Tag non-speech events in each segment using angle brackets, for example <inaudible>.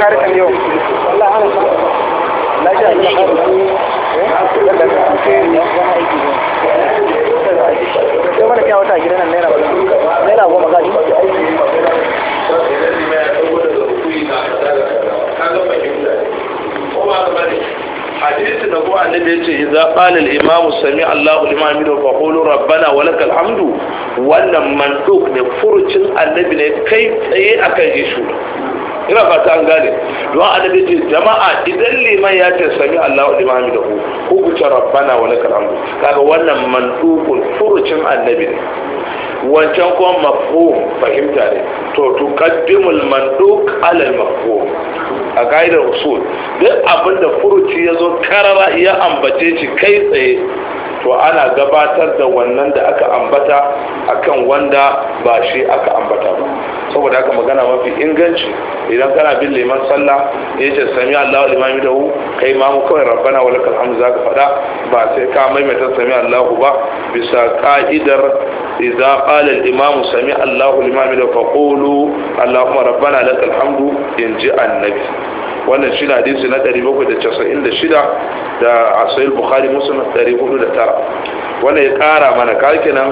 kare kan yau Allah hana ka eh, ne sai mana kyawa ta gidan naira naira goma ga shi hadisi da ko annabi yace idza qala al-imam sami Allahu liman hamidu fa qulu rabbana wa lakal hamdu wannan manduk ne furucin annabi ne kai tsaye akan yesu ina fata an gane don adadin ce jama'a idan liman ya ce sami Allahu liman da ku ku ce rabbana wa lakal hamdu kaga wannan mandukun furucin annabi ne wancan kuma mafhum fahimta ne to tuqaddimul manduk ala al mafhum a ga'idar usul duk abinda furuci ya zo karara ya ambace shi kai tsaye to ana gabatar da wannan da aka ambata akan wanda ba shi aka ambata ba saboda haka magana mafi inganci idan kana bin liman sallah ya ce sami allahu liman da hu kai ma mu kawai rabbana wa lakal hamdu ka faɗa ba sai ka maimaita sami allahu ba bisa ka'idar idza qala al imam sami allahu liman da fa qulu allahumma rabbana lakal hamdu in ji annabi wannan shi hadisi na 796 da asayil bukhari muslim 409 wannan ya kara mana kalkinan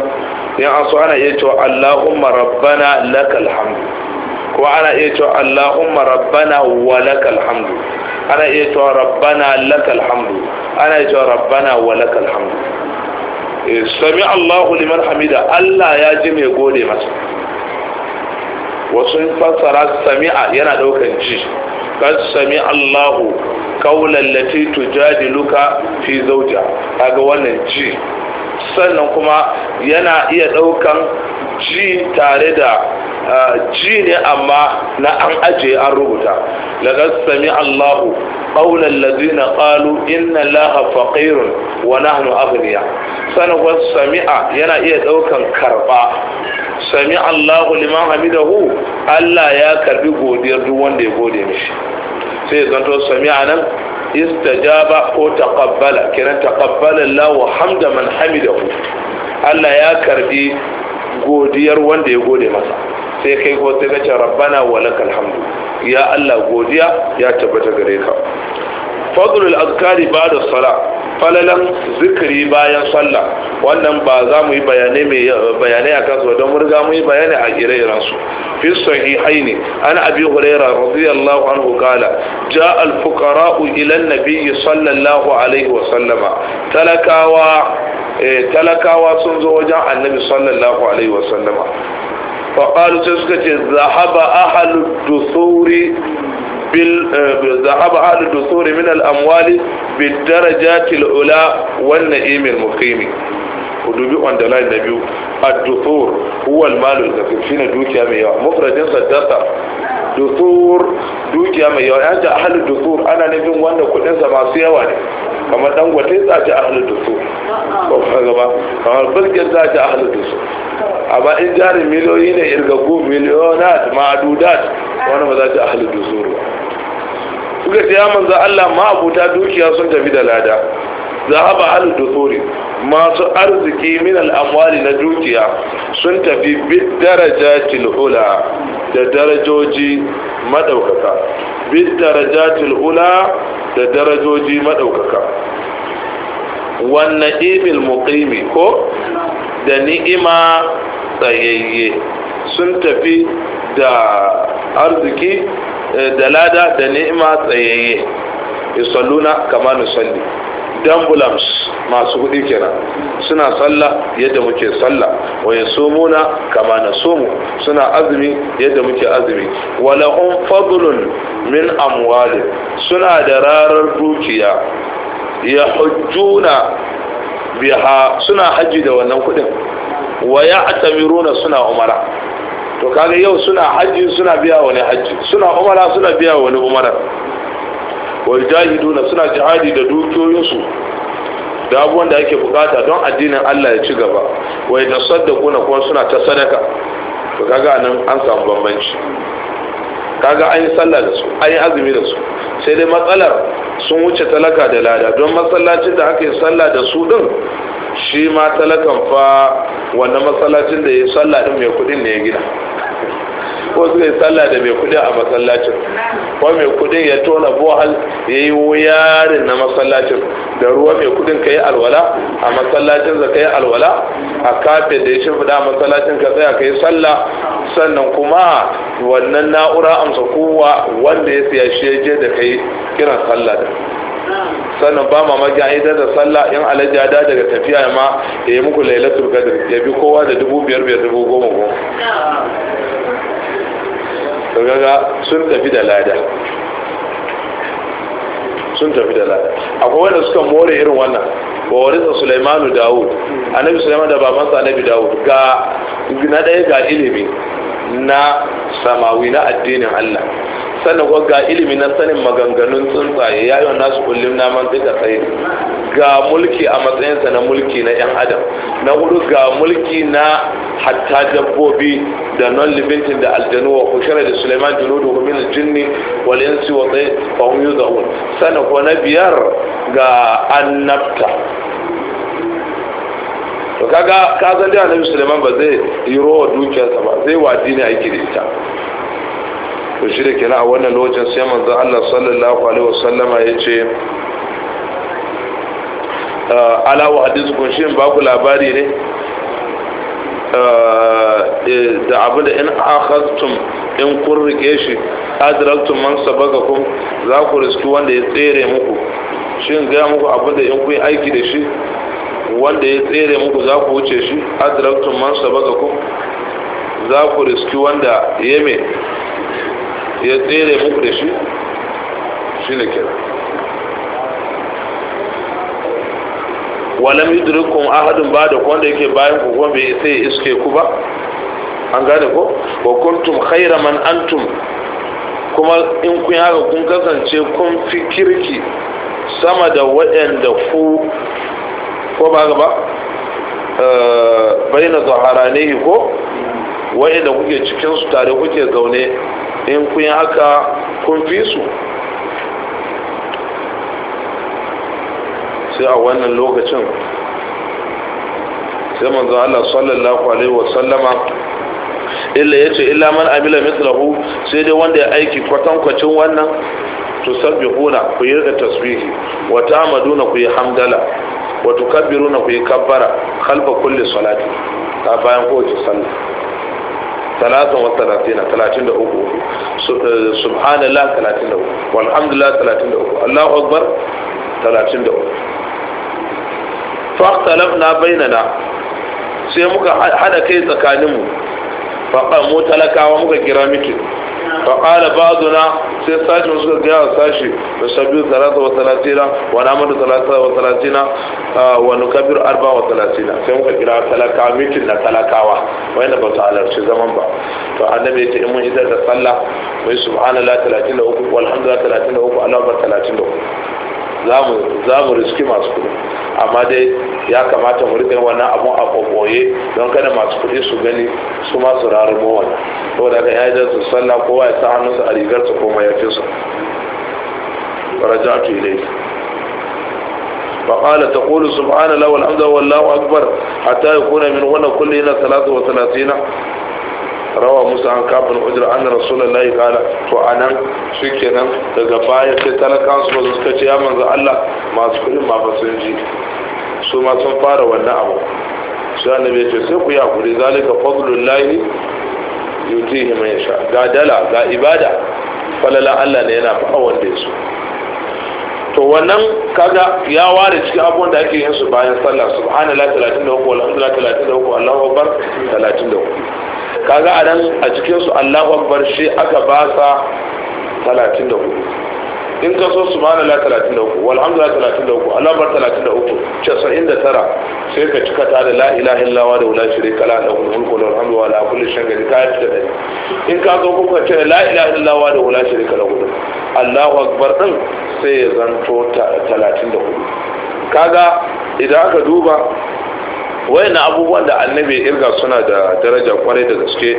yan an so ana iya cewa allahumma rabbana lakal hamdu ko ana iya cewa allahumma rabbana wa lakal hamdu ana iya cewa rabbana lakal hamdu ana iya cewa rabbana wa lakal hamdu eh, sami allahu liman hamida allah ya ji mai gode masa wasu fassara sami'a yana daukan ji Kan sami Allahu qawlan lati tujadiluka fi zawja kaga wannan ji sannan kuma yana iya ɗaukan ji tare da ji ne amma na an aje an rubuta laƙar sami allahu ƙaunar lazina ƙalu inna laha faƙirun wa nahnu agniya sannan kuma sami'a yana iya ɗaukan karɓa sami allahu liman hamidahu allah ya karbi godiyar duk wanda ya gode mishi sai zanto sami'a nan istajaba ko taqabbala kiran taqabbala Allah wa hamda man hamidahu Allah ya karbi godiyar wanda ya gode masa sai kai ko sai ka rabbana wa lakal hamdu ya Allah godiya ya tabbata gare ka fadlul azkari ba'da sala. falalan zikiri bayan sallah wannan ba za mu yi bayanai mai bayanai a kansu don mun riga mu yi bayani a ire su fi sahihaini an abi huraira radiyallahu anhu kala ja al fuqara'u ila sallallahu alaihi wa sallama talakawa eh, talakawa sun zo wajen annabi sallallahu alaihi wa sallama fa qalu sai suka ce zahaba ahlu dusuri ذهب أهل الدثور من الأموال بالدرجات الأولى والنئيم المقيم ku dubi on the line na biyu ad-duthur huwa al-mal al-kathir dukiya mai yawa mufradin saddaqa duthur dukiya mai yawa ya ce ahlul duthur ana nufin wanda kudin sa masu yawa ne kamar dan gwate za ta ahlul duthur ko kaga ba kamar bulgir za ta ahlul duthur amma in jari miliyoyi ne irgagu miliyonat ma'adudat wani ba za ta ahlul duthur ba suka ce ya manzo Allah ma abuta dukiya sun tafi da lada zahaba ahlu dusuri masu arziki min al'amwali na dukiya sun tafi bid darajatil ula da darajoji madaukaka bid darajatil ula da darajoji madaukaka wannan ibil muqimi ko da ni'ima tsayayye sun tafi da arziki eh, da lada da ni'ima tsayayye yusalluna kama nusalli dambulams masu hudu kenan suna sallah yadda muke sallah wa yasumuna kama nasumu suna azumi yadda muke azumi wa lahum fadlun min amwali suna da rarar dukiya ya hujjuna biha suna haji da wannan kudin wa ya atamiruna suna umara to kaga yau suna haji suna biya wani haji suna umara suna biya wani umara wal jahiduna suna jihadi da dukiyoyinsu da abubuwan da ake bukata don addinin Allah ya ci gaba wai da na kuma suna ta sadaka to kaga nan an samu bambanci kaga an yi sallah da su an yi azumi da su sai dai matsalar sun wuce talaka da lada don masallacin da aka yi sallah da su din shi ma talakan fa wannan masallacin da ya yi sallah din mai kudin ne ya gina ko zai yi sallah da mai kudi a masallacin ko mai kudin ya tona bohal ya yi wuyarin na masallacin da ruwa mai kudin ka yi alwala a masallacin za ka yi alwala a kafe da ya shimfiɗa a masallacin ka tsaya ka yi sallah sannan kuma wannan na'ura amsa kowa wanda ya siya shi je da kai kiran sallah da sannan ba mamaki an idar da sallah in alajja ya da daga tafiya ma ya yi muku lailatul qadr ya bi kowa da dubu biyar biyar dubu goma goma to gaga sun tafi da lada sun tafi da lada akwai wanda suka more irin wannan wa warisa sulaimanu dawud annabi sulaiman da ba babansa annabi dawud ga na ɗaya ga ilimi na samawi na addinin allah sannan ga ilimi na sanin maganganun tsuntsaye ya yi nasu kullum na man tsika tsaye ga mulki a matsayinsa na mulki na yan adam na hudu ga mulki na hatta dabbobi da non limiting da aljanu wa kushara da suleiman junudu min aljinni wal insi wa tsaye fa hum yuzahun sannan ko na biyar ga annabta to kaga ka san da annabi suleiman ba zai yi rowa dukiyarsa ba zai wa ne aiki da ita to shi da kira a wannan lokacin sai manzo Allah sallallahu alaihi wasallama yace ah, ala wa hadis kun shi ba ku labari ne ah, eh, da abu da in akhadtum in kun rike shi adraktum man sabaqakum za ku riski wanda ya tsere muku shin ga muku abu da in kun aiki da shi wanda ya tsere muku za ku wuce shi adraktum man sabaqakum za ku riski wanda yeme ya tsere muku da shi shi ne kira walam yudrikum ahadin ba da kwanda yake bayan ku kuma bai sai iske ku ba an gane ko wa kuntum khayra man antum kuma in kun haka kun kasance kun fi kirki sama da waɗanda ku ko ba gaba bayyana eh, zaharanihi ko waɗanda kuke cikinsu tare kuke zaune in kun yi haka kun fi su sai a wannan lokacin sai manzo Allah sallallahu alaihi wa sallama illa yace illa man amila mithlahu sai dai wanda ya aiki kwatan kwacin wannan sabbihuna ku yi da tasbihi wa ta'maduna ku yi hamdala wa tukabbiruna ku yi kabbara khalfa kulli salati ta bayan kowace sallah talatin wa talatina talatin da uku eh, talatin da uku walhamdulillah talatin da uku allahu akbar talatin da uku na bainana sai muka hada kai tsakaninmu faɗa talakawa muka gira miki. fa qala ba'duna sai sashi suka ga sashi da shabiu 33 wa namadu 33 wa wa nukabiru 34 sai muka kira talaka mitin na talakawa wanda ba su halarci zaman ba to annabi ya ce in mun idar da sallah mai subhanallah 33 walhamdulillah 33 alhamdulillah 33 za mu riski masu kudi amma dai ya kamata mu rika wannan abun a kokoye don kada masu kuɗi su gani su ma su rarumo wannan saboda ya yi su sallah kowa ya sa hannunsa a rigar ya ko mayafinsa rajatu ilayhi فقال تقول سبحان الله والحمد والله أكبر حتى يكون من هنا كل هنا روى موسى عن كعب بن حجر أن رسول الله قال فأنا شكرا daga baya sai talakan su ba su suka ce ya manzo Allah masu kudin ma ba sun ji su ma sun fara wannan abu su annabi bai ce sai ku yi hakuri zalika fadlul lahi yutihi man yasha ga dala ga ibada falala Allah ne yana fa'a wanda yaso to wannan kaga ya ware cikin abubuwan da ake yin su bayan sallah subhanallahi 33 alhamdulillah 33 Allahu akbar 33 kaga a nan a cikin su Allahu akbar shi aka ba sa 34 in ka so subhanallah 33 walhamdulillah 33 alabar 33 99 sai ka cika ta da la ilaha illallah da wala shirika la da mulku wal hamdu wa la kulli shay'in ka fita da in ka zo kuka ce la ilaha illallah da wala shirika la Allahu akbar din sai ya zanto 34 kaga idan aka duba na abubuwan da annabi irga suna da daraja kwarai da gaske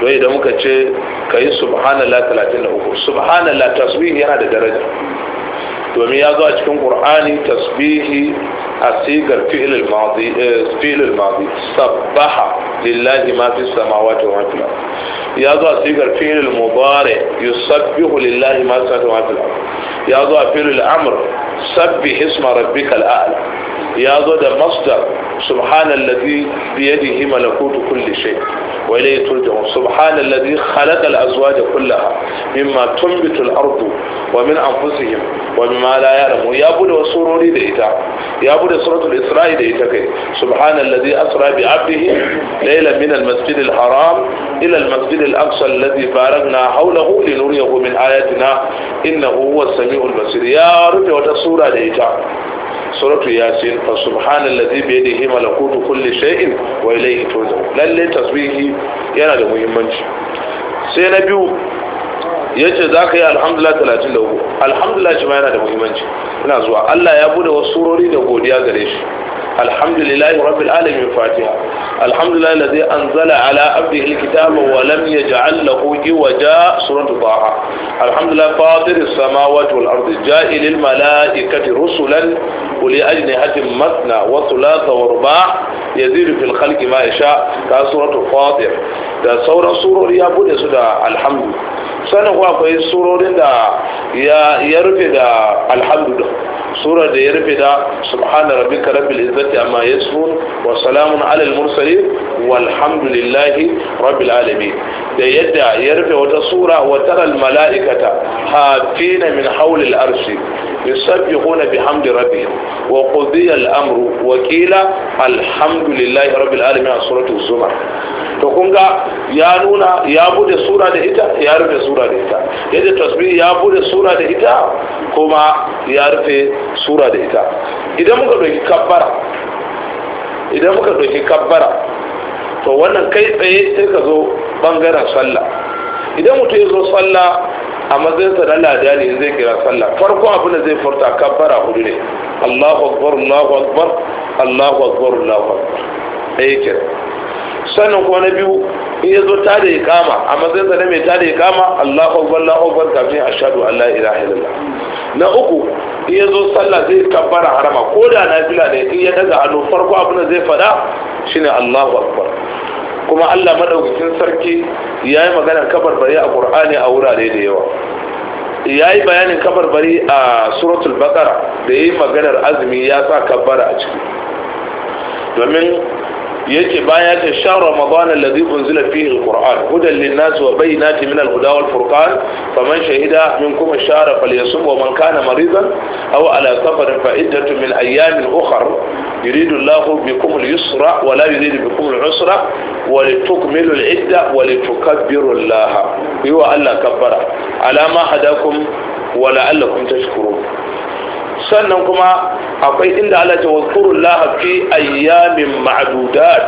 don idan muka ce ka yi subhanallah 33 subhanallah tasbih yana da daraja ومن يأذى أجكم قرآني تسبيحي أسيق الفعل الماضي الفعل الماضي صبح لله ما في السماوات وما في الأرض يأذى أسيق الفعل المضارع يسبح لله ما في السماوات وما في الأرض يأذى أفعل الأمر سبح اسم ربك الأعلى يأذى ده مصدر سبحان الذي بيده ملكوت كل شيء وإليه ترجعون سبحان الذي خلق الأزواج كلها مما تنبت الأرض ومن أنفسهم ومما ma la ya bude wasu surori da ita ya bude suratul isra'i da ita kai subhanallazi asra bi 'abdihi laylan min al-masjid al-haram ila al-masjid al-aqsa alladhi barakna hawlahu linuriyahu min ayatina innahu huwa as-sami'ul basir ya rufe wata sura da ita suratu yasin fa subhanallazi bi yadihi malakutu kulli shay'in wa ilayhi turja'un lalle tasbihi yana da muhimmanci sai na biyu ya ce za ka yi alhamdulillah talatin da uku alhamdulillah shi ma yana da muhimmanci ina zuwa allah ya bude wasu surori da godiya gare shi alhamdulillahi rabbil alamin fatiha alhamdulillah ladzi anzala ala abdihi alkitaba wa lam yaj'al lahu iwaja suratu taha alhamdulillah fatir as-samawati wal ardi ja'il al malaikati rusulan uli ajnihatin matna wa thulatha wa ruba' yazidu fil khalqi ma yasha ta suratu fatir da sauran surori ya bude su da alhamdulillah sanin kuwa akwai surorin da ya rufe da alhamdu surar da ya rufe da subhana rabbika rabbil izzati amma yasifun wa salamun alal mursalin walhamdulillahi rabbil alamin da yadda ya rufe wata sura wa taral mala'ikata hafina min hawlil arshi yusabbihuna bihamdi rabbihim wa qudiya al-amru wa qila alhamdulillahi rabbil alamin a suratul zumar to kun ga ya nuna ya bude sura da ita ya rufe sura sura da ita yadda tasbihi ya bude sura da ita kuma ya rufe sura da ita idan muka ɗauki kabbara idan muka ɗauki kabbara to wannan kai tsaye sai ka zo ɓangaren sallah idan mutum ya zo sallah a matsayinsa na ladani zai kira sallah farko abin da zai furta kabbara hudu ne allahu akbar allahu akbar allahu akbar allahu akbar ɗaya kira sannan kuma na biyu in ya zo tada ya kama a matsayin sa na mai tada ya kama Allahu akbar Allahu akbar kafin ashhadu an la ilaha illallah na uku in ya zo sallah zai kabbara harama ko da fila ne in ya daga hannu farko abin da zai fada shine Allahu akbar kuma Allah madaukakin sarki ya yi maganar bari a Qur'ani a wurare da yawa ya yi bayanin bari a suratul baqara da ya yi maganar azumi ya sa kabbara a ciki domin يجي بايات الشهر رمضان الذي انزل فيه القرآن هدى للناس وبينات من الهدى والفرقان فمن شهد منكم الشهر فليصم ومن كان مريضا او على سفر فعدة من ايام اخر يريد الله بكم اليسر ولا يريد بكم العسر ولتكمل العدة ولتكبر الله هو ألا كبر على ما هداكم ولعلكم تشكرون sannan kuma akwai inda Allah ta wazkurullah fi ayyamin ma'dudat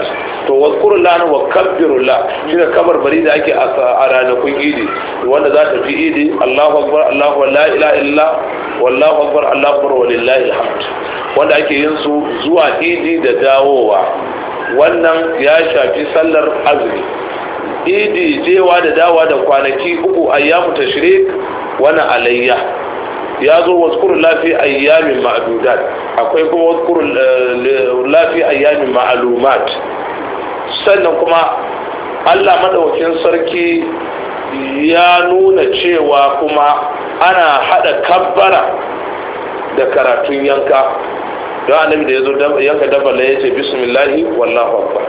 to wazkurullah wa la. shi da kabar bari da ake a ranakun idi wanda za ta fi idi Allahu akbar Allahu la ilaha illa wallahu akbar Allahu akbar walillahi alhamd wanda ake yin su zuwa idi da dawowa wannan ya shafi sallar azumi idi jewa da dawa da kwanaki uku ayyamu tashrik wani alayya ya zo waskurun lafi ayyamin ma'adudat akwai kuma waskurun eh, lafi ayyamin ma'alumat sannan kuma allah maɗaukin sarki ya nuna cewa kuma ana haɗa kabbara da karatun yanka don annabi da ya zo yanka dabala ya ce bismillahi wallahu akbar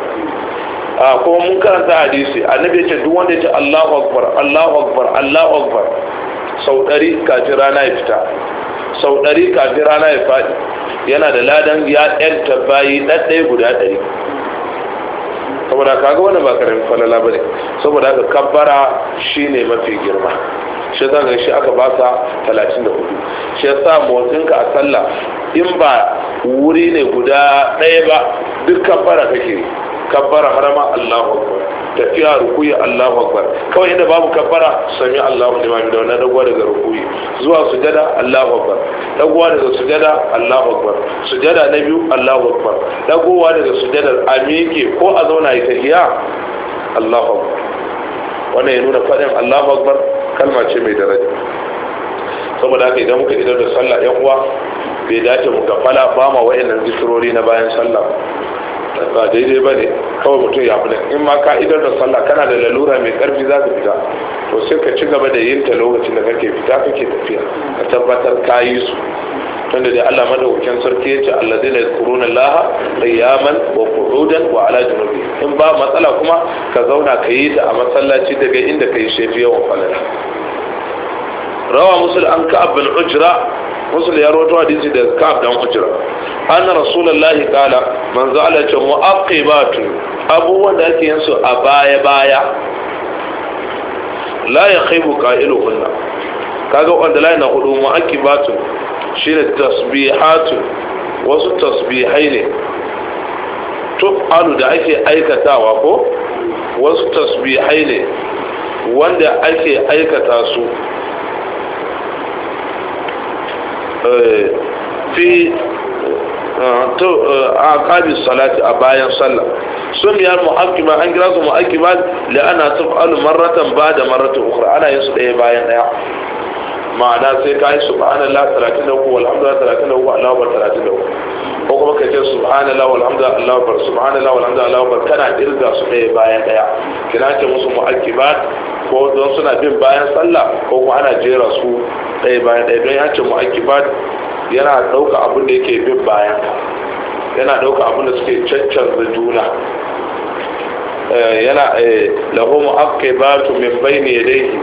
a ah, kuma mun karanta hadisi annabi ya ce duk wanda ya ce allahu akbar allahu akbar allahu akbar sau ɗari kafin rana ya fita sau ɗari kafin rana ya faɗi yana da ladan ya ɗanta bayi ɗaɗɗaya guda ɗari saboda kaga wani ba karin falala ba ne saboda haka kabbara shine mafi girma shi zan shi aka ba sa hudu shi motsin ka a sallah in ba wuri ne guda ɗaya ba duk kabbara kake kabbara harama Allahu akbar tafiya rukuyi Allahu akbar kawai inda babu kabbara sami Allahu liman da wannan dagwa daga rukuyi zuwa sujada Allahu akbar dagwa daga sujada Allahu akbar sujada na biyu Allahu akbar dagowa daga sujada amike ko a zauna ita iya Allahu akbar wannan ya nuna fadin Allahu akbar kalma ce mai daraja saboda haka idan muka idar da sallah yan uwa bai dace mu gafala ba ma wa'annan zikirori na bayan sallah ba daidai ba ne kawai mutum ya fi in ma ka idar da sallah kana da lalura mai karfi za ka fita to sai ka ci gaba da yin ta lokacin da kake fita kake tafiya ka tabbatar ka yi su tunda da Allah madaukakin sarki ya ce alladheena yadhkuruna laha qiyaman wa qu'udan wa ala junubi in ba matsala kuma ka zauna ka yi ta a masallaci daga inda ka yi shefi yawan falala rawa musul an كعب بن عجرة musul ya حديث ده da بن عجرة ujra رسول الله qala man زعل ta mu'aqibatu abubuwan da ake yin a baya baya la kaga wanda la na hudu mu'aqibatu shine tasbihatu wasu tasbihai ne tuf'alu da ake aikatawa ko wasu tasbihai ne wanda ake aikata su Eh, fi eh, to eh, aqabi salati a bayan sallah sun ya mu'aqqiba an kira su mu'aqqiba la ana taf'alu ba da marratin ukhra ana yin su daya bayan ɗaya. ma'ana sai ka yi subhanallah 33 walhamdulillah 33 Allahu akbar uku. ko kuma ka ce subhanallah walhamdulillah Allahu akbar subhanallah walhamdulillah Allahu akbar kana irga su daya bayan ɗaya. kina ce musu mu'aqqibat ko don suna bin bayan sallah ko kuma ana jera su ɗaya bayan ɗaya don yace mu'akibat yana ɗauka abin da yake bin bayan yana ɗauka abin da suke caccanza juna eh, yana eh, lahu mu'aqibatu min bayni yadayhi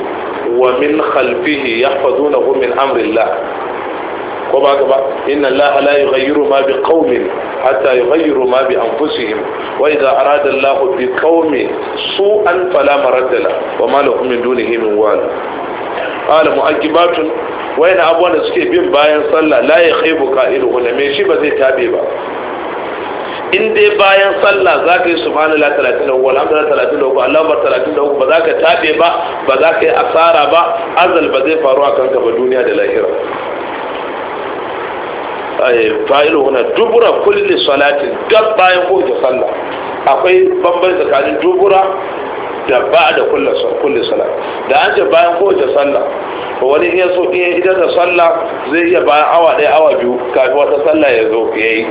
wa min khalfihi yahfazunahu min amrillah ko ba ka ba inna allaha la yughayyiru ma bi qaumin hatta yughayyiru ma bi anfusihim wa idza arada allahu bi qaumin su'an fala maradda la wa ma lahum min dunihi min wal qala mu'aqibatun wayan abubuwan da suke bin bayan sallah la ya khaibu qa'iluhunna me shi ba zai tabe ba in dai bayan sallah za ka yi subhanallah 33 alhamdulillah 33 Allah bar 33 ba za ka tabe ba ba za ka yi asara ba azal ba zai faru a kanka ba duniya da lahira Eh, fa'ilu huna dubura kulli salatin duk bayan kowace sallah akwai bambanci tsakanin dubura da ba da kulle sala da an ce bayan kowace sallah to wani iya so iya idan da sallah zai iya bayan awa ɗaya awa biyu kafin wata sallah ya zo ya yi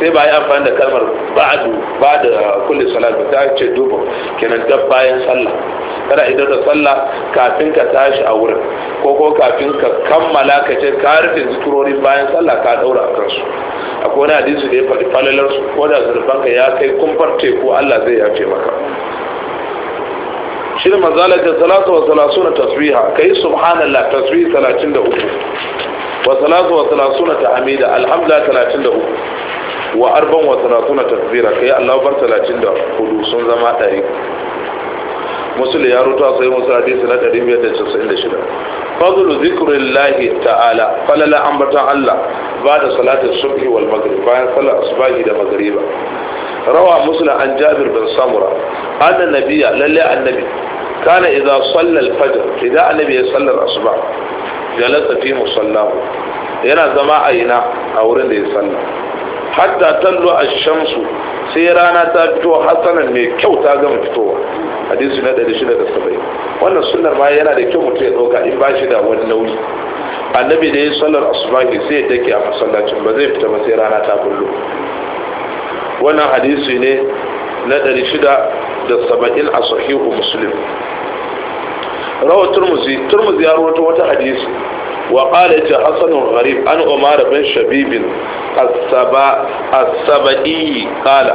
sai ba yi amfani da kalmar ba'adu ba da kulle sala da ta ce dubu kenan da bayan sallah kada idan da sallah kafin ka tashi a wurin ko ko kafin ka kammala ka ce ka rufe zikirorin bayan sallah ka daura a kansu akwai wani hadisi da ya faɗi falalar su ko da zurfanka ka ya kai kumfar teku Allah zai yafe maka shi da manzala ta salatu wa salasuna tasbiha kai subhanallah tasbih uku wa salatu wa salasuna tahmida alhamdulillah 33 wa arban wa na tasbira kai Allahu bar hudu sun zama ɗari. musulun ya rutuwa sai musu hadisi na 596 fadlu zikrullahi ta'ala falala ambatan Allah ba da salatin subhi wal maghrib bayan salat asbahi da maghriba rawa muslim an jabir bin samura anna Nabiya lalle annabi kana idza salla al fajr idza annabi ya salla asbah jalasa fi musallahu yana zama a ina a wurin da ya salla hatta tallo a shamsu sai rana ta fito hasanan mai kyau ta gama fitowa hadisu na 670 wannan sunar ma yana da kyau mutum ya ɗauka in ba shi da wani nauyi annabi da ya sallar asubahi sai ya dake a masallacin ba zai fita ba sai rana ta bullo wannan hadisu ne na saba'in a sahihu muslim rawar turmuzi turmuzi ya rawato wata hadisi وقال جاء حسن غريب عن عمر بن شبيب السبا السبئي قال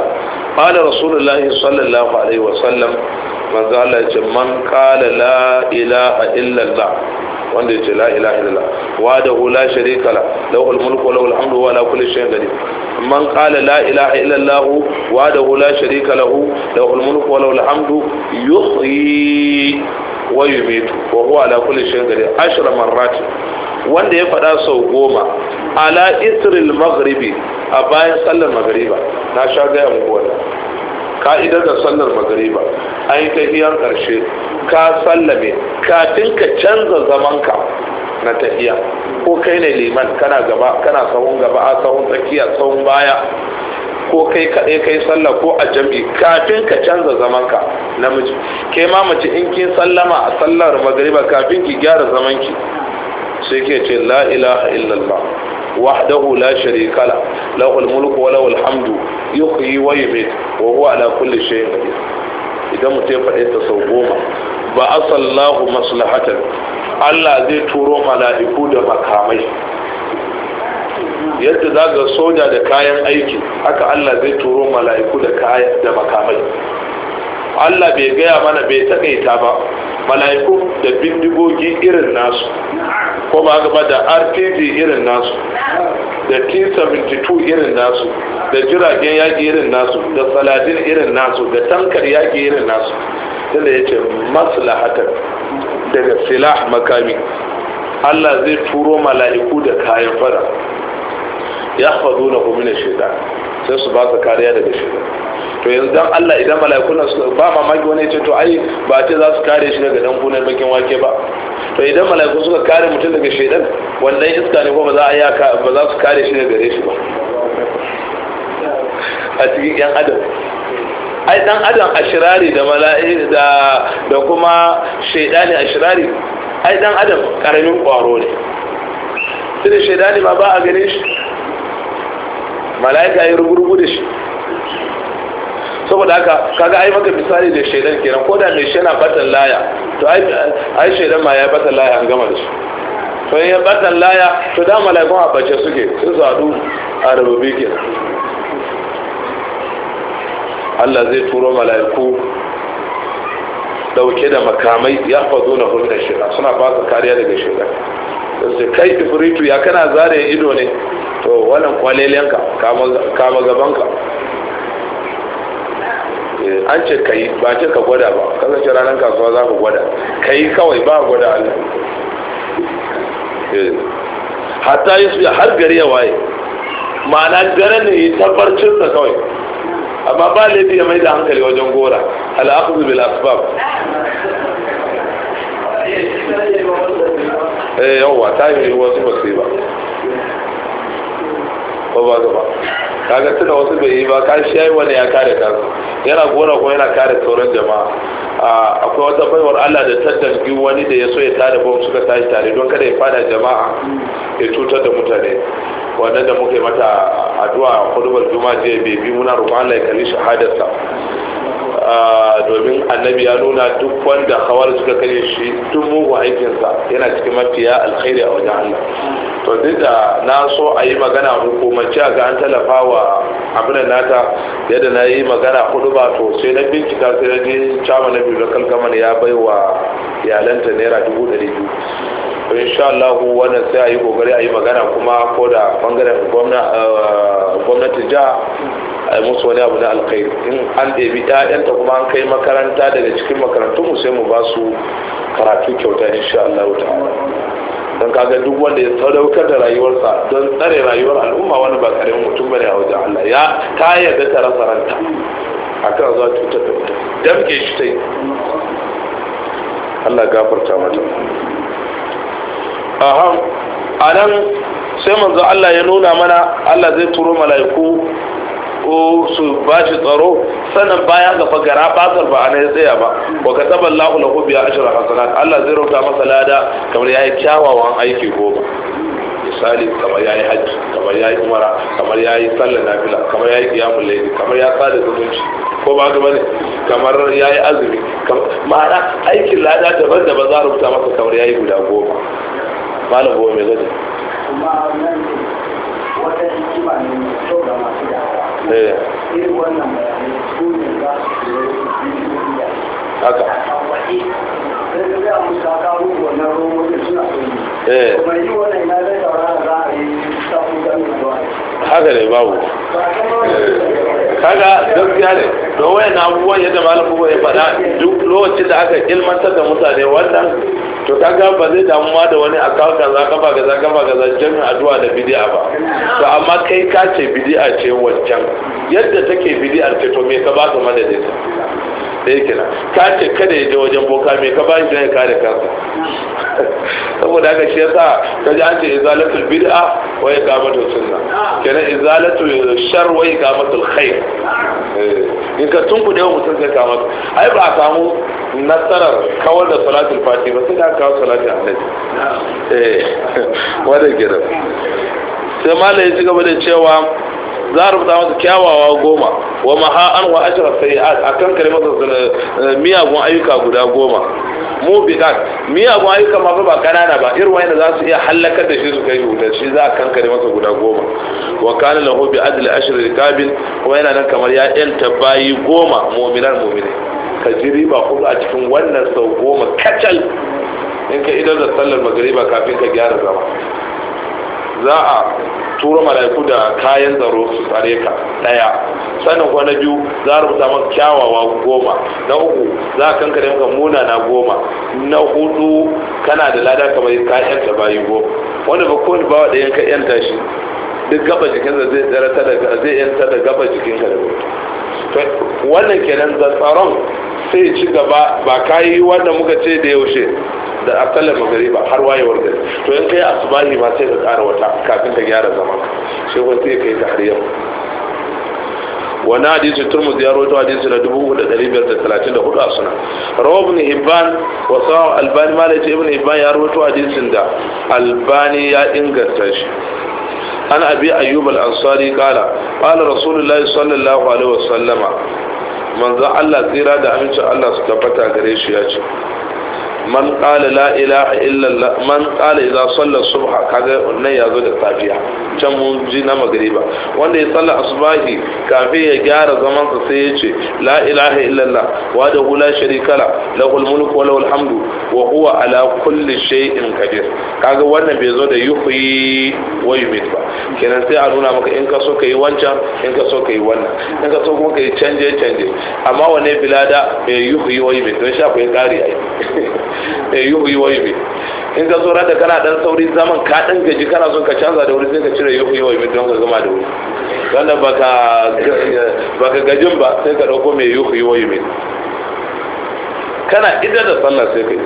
قال رسول الله صلى الله عليه وسلم من قال من قال لا إله إلا الله wanda ya ce la ilaha illallah wa da hu la sharika la lahul mulku wa lahul hamdu wa la kulli shay'in qadir man qala la ilaha illallah wa da hu la sharika lahu lahul mulku wa lahul hamdu yuhyi wa yumitu wa huwa ala kulli shay'in qadir ashra marrat wanda ya faɗa sau goma ala isril maghribi a bayan sallar maghriba na sha gaya muku wannan ka'idar da sallar magariba an yi hiyar ƙarshe ka sallame kafin ka canza zamanka na tafiya. ko kai ne liman kana gaba kana sahun gaba a sahun tsakiya sahun baya ko kai kaɗai kai sallah ko a jam'i kafin ka canza zamanka namiji ke ma mace in kin sallama a sallar magariba kafin ki gyara zamanki sai ke ce la ilaha illallah wahdahu la sharika la lahul mulku wa lahul hamdu yuhyi wa yumiit wa huwa ala kulli shay'in qadir idan mutum ya faɗe ta sau goma ba asallahu maslahatan Allah zai turo mala'iku da makamai yadda za ga soja da kayan aiki haka Allah zai turo mala'iku da kayan da makamai Allah bai gaya mana bai takaita ba mala'iku da bindigogi irin nasu kuma gaba da rpg irin nasu da t-72 irin nasu da jiragen yaƙi irin nasu da saladin irin nasu da tankar yaƙi irin nasu tunda ya ce maslahatar daga silah makami allah zai turo mala'iku da kayan fara yahfazuna hu min ash-shaytan sai su ba su kariya daga shaytan to yanzu dan Allah idan mala'iku na ba mamaki wani ce to ai ba ce za su kare shi daga dan na bakin wake ba to idan mala'iku suka kare mutum daga shaytan wannan iska ne ko ba za a ba za su kare shi daga gare shi ba a cikin yan adam ai dan adam ashirari da mala'i da da kuma shaydani ashirari ai dan adam karamin kwaro ne sai shaydani ma ba a gane shi mala'ika ya rubu da shi saboda haka kaga ai maka misali da shaidan kenan ko da mai shi yana batan laya to ai shaidan ma ya batan laya an gama da shi to ya batan laya to da mala'ikun a bace suke sun sadu a rububi kenan Allah zai turo mala'iku dauke da makamai ya fazo na hulɗar shida suna ba su kariya daga shida sai kai ifritu ya kana zare ido ne to wannan kwaleliyanka kama gabanka eh, an ce ka yi ba ce ka gwada ba kasance ranar kasuwa za ka gwada ka yi kawai ba gwada allah eh, hatta yi su har gari ya waye ma'ana dare ne yi sa kawai amma ba laifi ya mai da hankali wajen gora al'akuzu bil asbab eh yawwa ta yi wasu ba ba ba ba gaba kaga tuna wasu bai yi ba ka shi yayi wani ya kare kansa yana gona kuma yana kare sauran jama'a akwai wata baiwar Allah da ta dangi wani da ya so ya tare bom suka tashi tare don kada ya fada jama'a ya cutar da mutane wannan da muke mata addu'a a kudubar juma'a je bai bi muna roƙon Allah ya kalli shahadarsa domin annabi ya nuna duk wanda hawar suka kare shi duk mugu aikinsa yana cikin mafiya alkhairi a wajen Allah to duk da na so a yi magana hukumance a ga an tallafa wa abin da nata yadda na yi magana hudu ba to sai na bincika sai na je cama na biyu da kalkaman ya bai wa iyalanta naira dubu ɗari biyu insha Allah wannan sai a yi kokari a yi magana kuma ko da bangaren gwamnati jiha a yi musu wani abu na alkhairi in an ɗebi 'ya'yan makaranta kuma an kai makaranta daga cikin makarantun mu sai mu ba su karatu kyauta insha Allah ta'ala dan kaga duk wanda ya sadaukar da rayuwarsa don tsare rayuwar al'umma wani ba karamin mutum bane a wajen Allah ya ta yarda ta rasa ranta akan zuwa cutar da mutum damke shi ta yi Allah gafarta mata aha a nan sai manzo Allah ya nuna mana Allah zai turo mala'iku ko su ba shi tsaro sannan bayan ga fagara basar ba a nan tsaya ba wa ka taɓa lahu na hobi a ashirar hasanat allah zai rauta masa lada kamar ya yi kyawawan aiki goma misali kamar ya yi hajji kamar ya yi umara kamar ya yi sallar nafila kamar ya yi kiyamun laifi kamar ya sada zumunci ko ba gaba ne kamar ya yi azumi ma'ana aikin lada daban daban za a rubuta masa kamar ya yi guda goma malam goma mai gaji kuma wata hikima ne eh haka Eh. haka ne babu kaga gaskiya ne da wayan abubuwan yadda malamu ya faɗa duk lokacin da aka ilmantar da mutane wannan to kaga ba zai damu ma da wani akawun za kafa kaza kafa kaza jami'in addu'a da bidi'a ba to amma kai ka ce bidi'a ce wancan yadda take bidi'a ce to me ka ba ka madadin da yake na ka ce kada ya je wajen boka mai ka bashi don kare kansa saboda haka shi sa ka ji an ce izalatul bid'a wa iqamatul sunna kenan izalatul shar wa iqamatul khair eh, in ka tunku da mutum sai ka masa ai ba a samu nasarar kawar da salatul fati ba sai da kawo salatul annabi eh <laughs> wanda kenan sai malai ya ci gaba da cewa za a rubuta masa kyawawa goma wa maha an wa sai a akan kare masa eh, miyagun ayyuka guda goma mu bidat miyagun ayyuka ma ba kanana ba irin wanda za su iya halakar da shi su kai guda shi za a kare masa guda goma wa kana lahu bi adl ashr rikabin wa yana nan kamar ya yanta bayi goma mu'minan mu'mine ka ji riba hudu a cikin wannan sau goma kacal in ka idan da sallar magariba kafin ka gyara zama za a turo mala'iku da kayan tsaro su tsare ka daya sannan kuwa na biyu za a rubuta maka kyawawa goma na uku za a kankare maka muna na goma na hudu kana da lada kamar ka yanta bayi goma wanda ba kowane bawa da yanka yanta shi duk gaba jikin zai tsara zai yanta da gaba jikinka da wannan kenan da tsaron sai ci gaba ba ka yi wanda muka ce da yaushe da akalla magari ba har waye gari to in kai asubahi ma sai ka ƙara wata kafin ka gyara zaman shi wani sai kai ta har wani hadisi turmus ya rawaito hadisi na 4534 a suna rawa ibn hibban wasu albani ma laice ibn hibban ya rawaito hadisin da albani ya inganta shi an abi ayyub al-ansari kala qala rasulullahi sallallahu alaihi wasallama manzo Allah tsira da amincin Allah su fata gare shi ya ce man qala la ilaha allah man qala idza salla subha kaga wannan yazo da safiya can mun ji na magriba wanda ya salla asbahi kafin ya gyara zaman sa sai ya ce la ilaha allah wa da hula sharika la lahul mulku wa lahul hamdu wa huwa ala kulli shay'in qadir kaga wannan bai zo da yuhyi wa yumit ba kenan sai a nuna maka in ka so kai wancan in ka so kai wannan in ka so kuma kai canje canje amma wanne bilada bai yuhyi wa yumit don shafa ya kare ai <laughs> Eh, yuhi wa yuhi in ka tsora da kana dan sauri zaman ka dan gaji kana son ka canza da wuri sai ka cire yuhi wa yuhi don ka gama da wuri wanda baka baka gajin ba sai ka dauko mai yuhi wa yuhi kana idan da sallah sai kai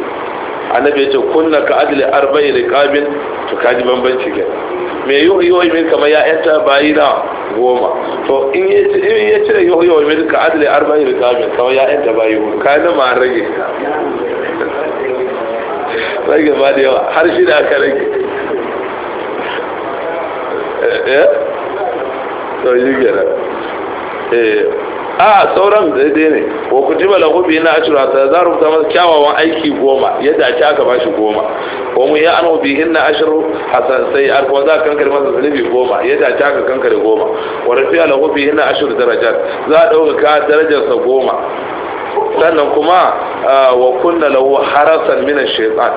annabi ya ce kunna ka ajli arba'i riqabin to ka ji bambanci kenan mai yoyi min kamar ya yanta bayi na goma to in ya cire yoyi min ka ajli arba'in kamin kamar ya yanta bayi goma kayan ma an rage rage ba da yawa har shi da aka rage yi eh, eh? gina eh, a sauran daidai ne wa ji bala hubi na ashra ta za rubuta masa kyawawan aiki goma yadda ake aka bashi goma Ko mu yi an bi hinna ashiru hasan sai ar kuma za kankare masa zunubi goma yadda ake aka kankare goma wa rafi lahu bi hinna ashiru darajar, za a dauka ka darajarsa goma sannan kuma wa kunna lahu harasan min ash-shaytan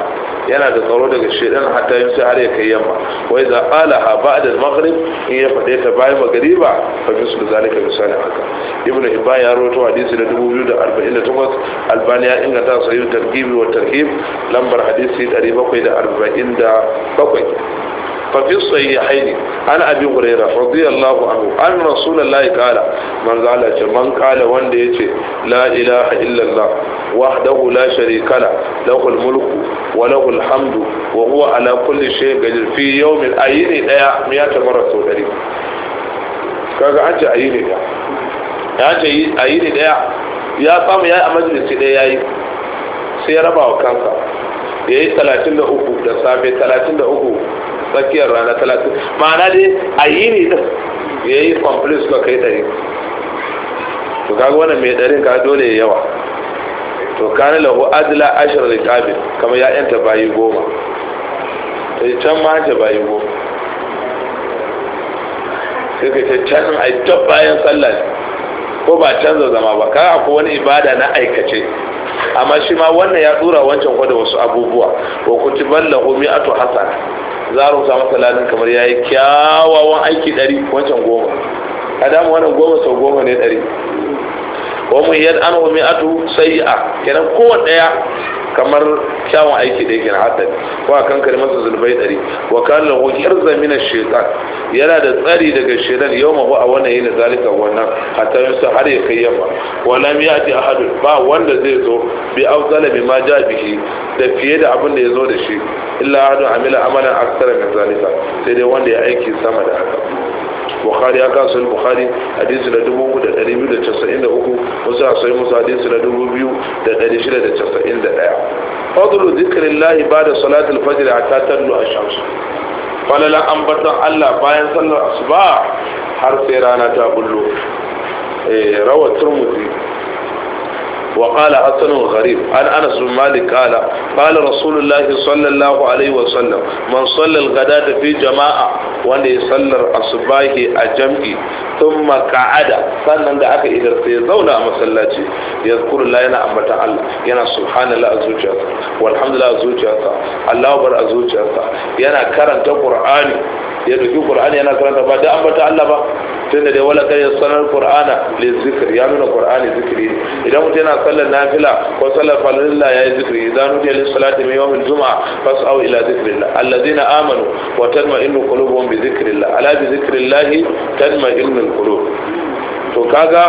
yana da tsaro daga shaytan hatta yin sai har ya kai yamma wa idza qalaha ba'da al-maghrib in ya fade ta bayan magriba fa mislu zalika misali haka ibn hibban ya rawaito hadisi na 2048 albani ya inganta sahih targhib wa tarhib lambar hadisi 747 ففي الصحيحين عن أبي هريرة رضي الله عنه أن رسول الله قال من قال من قال وان لا إله إلا الله وحده لا شريك له له الملك وله الحمد وهو على كل شيء قدير في يوم أين لا مئة مرة سودري kaga an ce a yi ne daya ya ce a yi ne daya ya samu ya yi a majalisi daya ya yi sai ya raba wa kansa ya yi 33 da safe 33 tsakiyar rana talatin ma'ana dai a yi ne din ya yi complex suka kai dari to kaga wannan mai darin ka dole ya yawa to kana lahu adla ashir riqabin kamar ya yanta bayi goma sai can ma ta bayi goma sai ka ce can ai ta bayan sallah ko ba canza zama ba kaga akwai wani ibada na aikace amma shi ma wannan ya dura wancan kwada wasu abubuwa Ko kutiban lahu mi'atu hasana za a sa masa kamar yayi kyawawan aiki ɗari wancan goma ka damu wannan goma sau goma ne ɗari wa mu yad an wa mi'atu sayi'a kenan kowanne daya kamar kyawun aiki da yake na hadari ko a kan kalmar su zulbai dari wa kana lahu irza min ash-shaytan yana da tsari daga shaytan yawma hu a wannan yana zalika wannan hatta yusa har ya kai yamma wa lam yati ahad ba wanda zai zo bi afdala ma ja bihi da fiye da abin da ya zo da shi illa ahad amila amalan aktsara min zalika sai dai wanda ya aiki sama da haka bukhari ya kasu bukhari hadisi na 3293 wasu a sai musu hadisi na 2691 fadlu ba da salatul fajr hatta tallu a shamsu. falala ambaton Allah bayan sallar asuba har sai rana ta bullo eh rawa turmuzi وقال حسن غريب عن أنس بن مالك قال قال رسول الله صلى الله عليه وسلم من صلى الغداة في جماعة wanda ya sallar asubahi a jam'i sun maka'ada sannan da aka idar sai ya zauna a masallaci ya zukuru la yana ambatan Allah yana subhanallah a zuciyarsa walhamdulillah a zuciyarsa Allah bar a zuciyarsa yana karanta Qur'ani ya dauki qur'ani yana karanta ba da bata Allah ba sai da wala kai sanar qur'ana li zikr ya nuna qur'ani zikri idan mutum yana sallar nafila ko sallar farilla yayi zikri idan mutum yana salati mai yawmin juma'a fas'au ila zikrillah alladhina amanu wa tatma'innu qulubuhum bi zikrillah ala bi zikrillah tatma'innu alqulub to kaga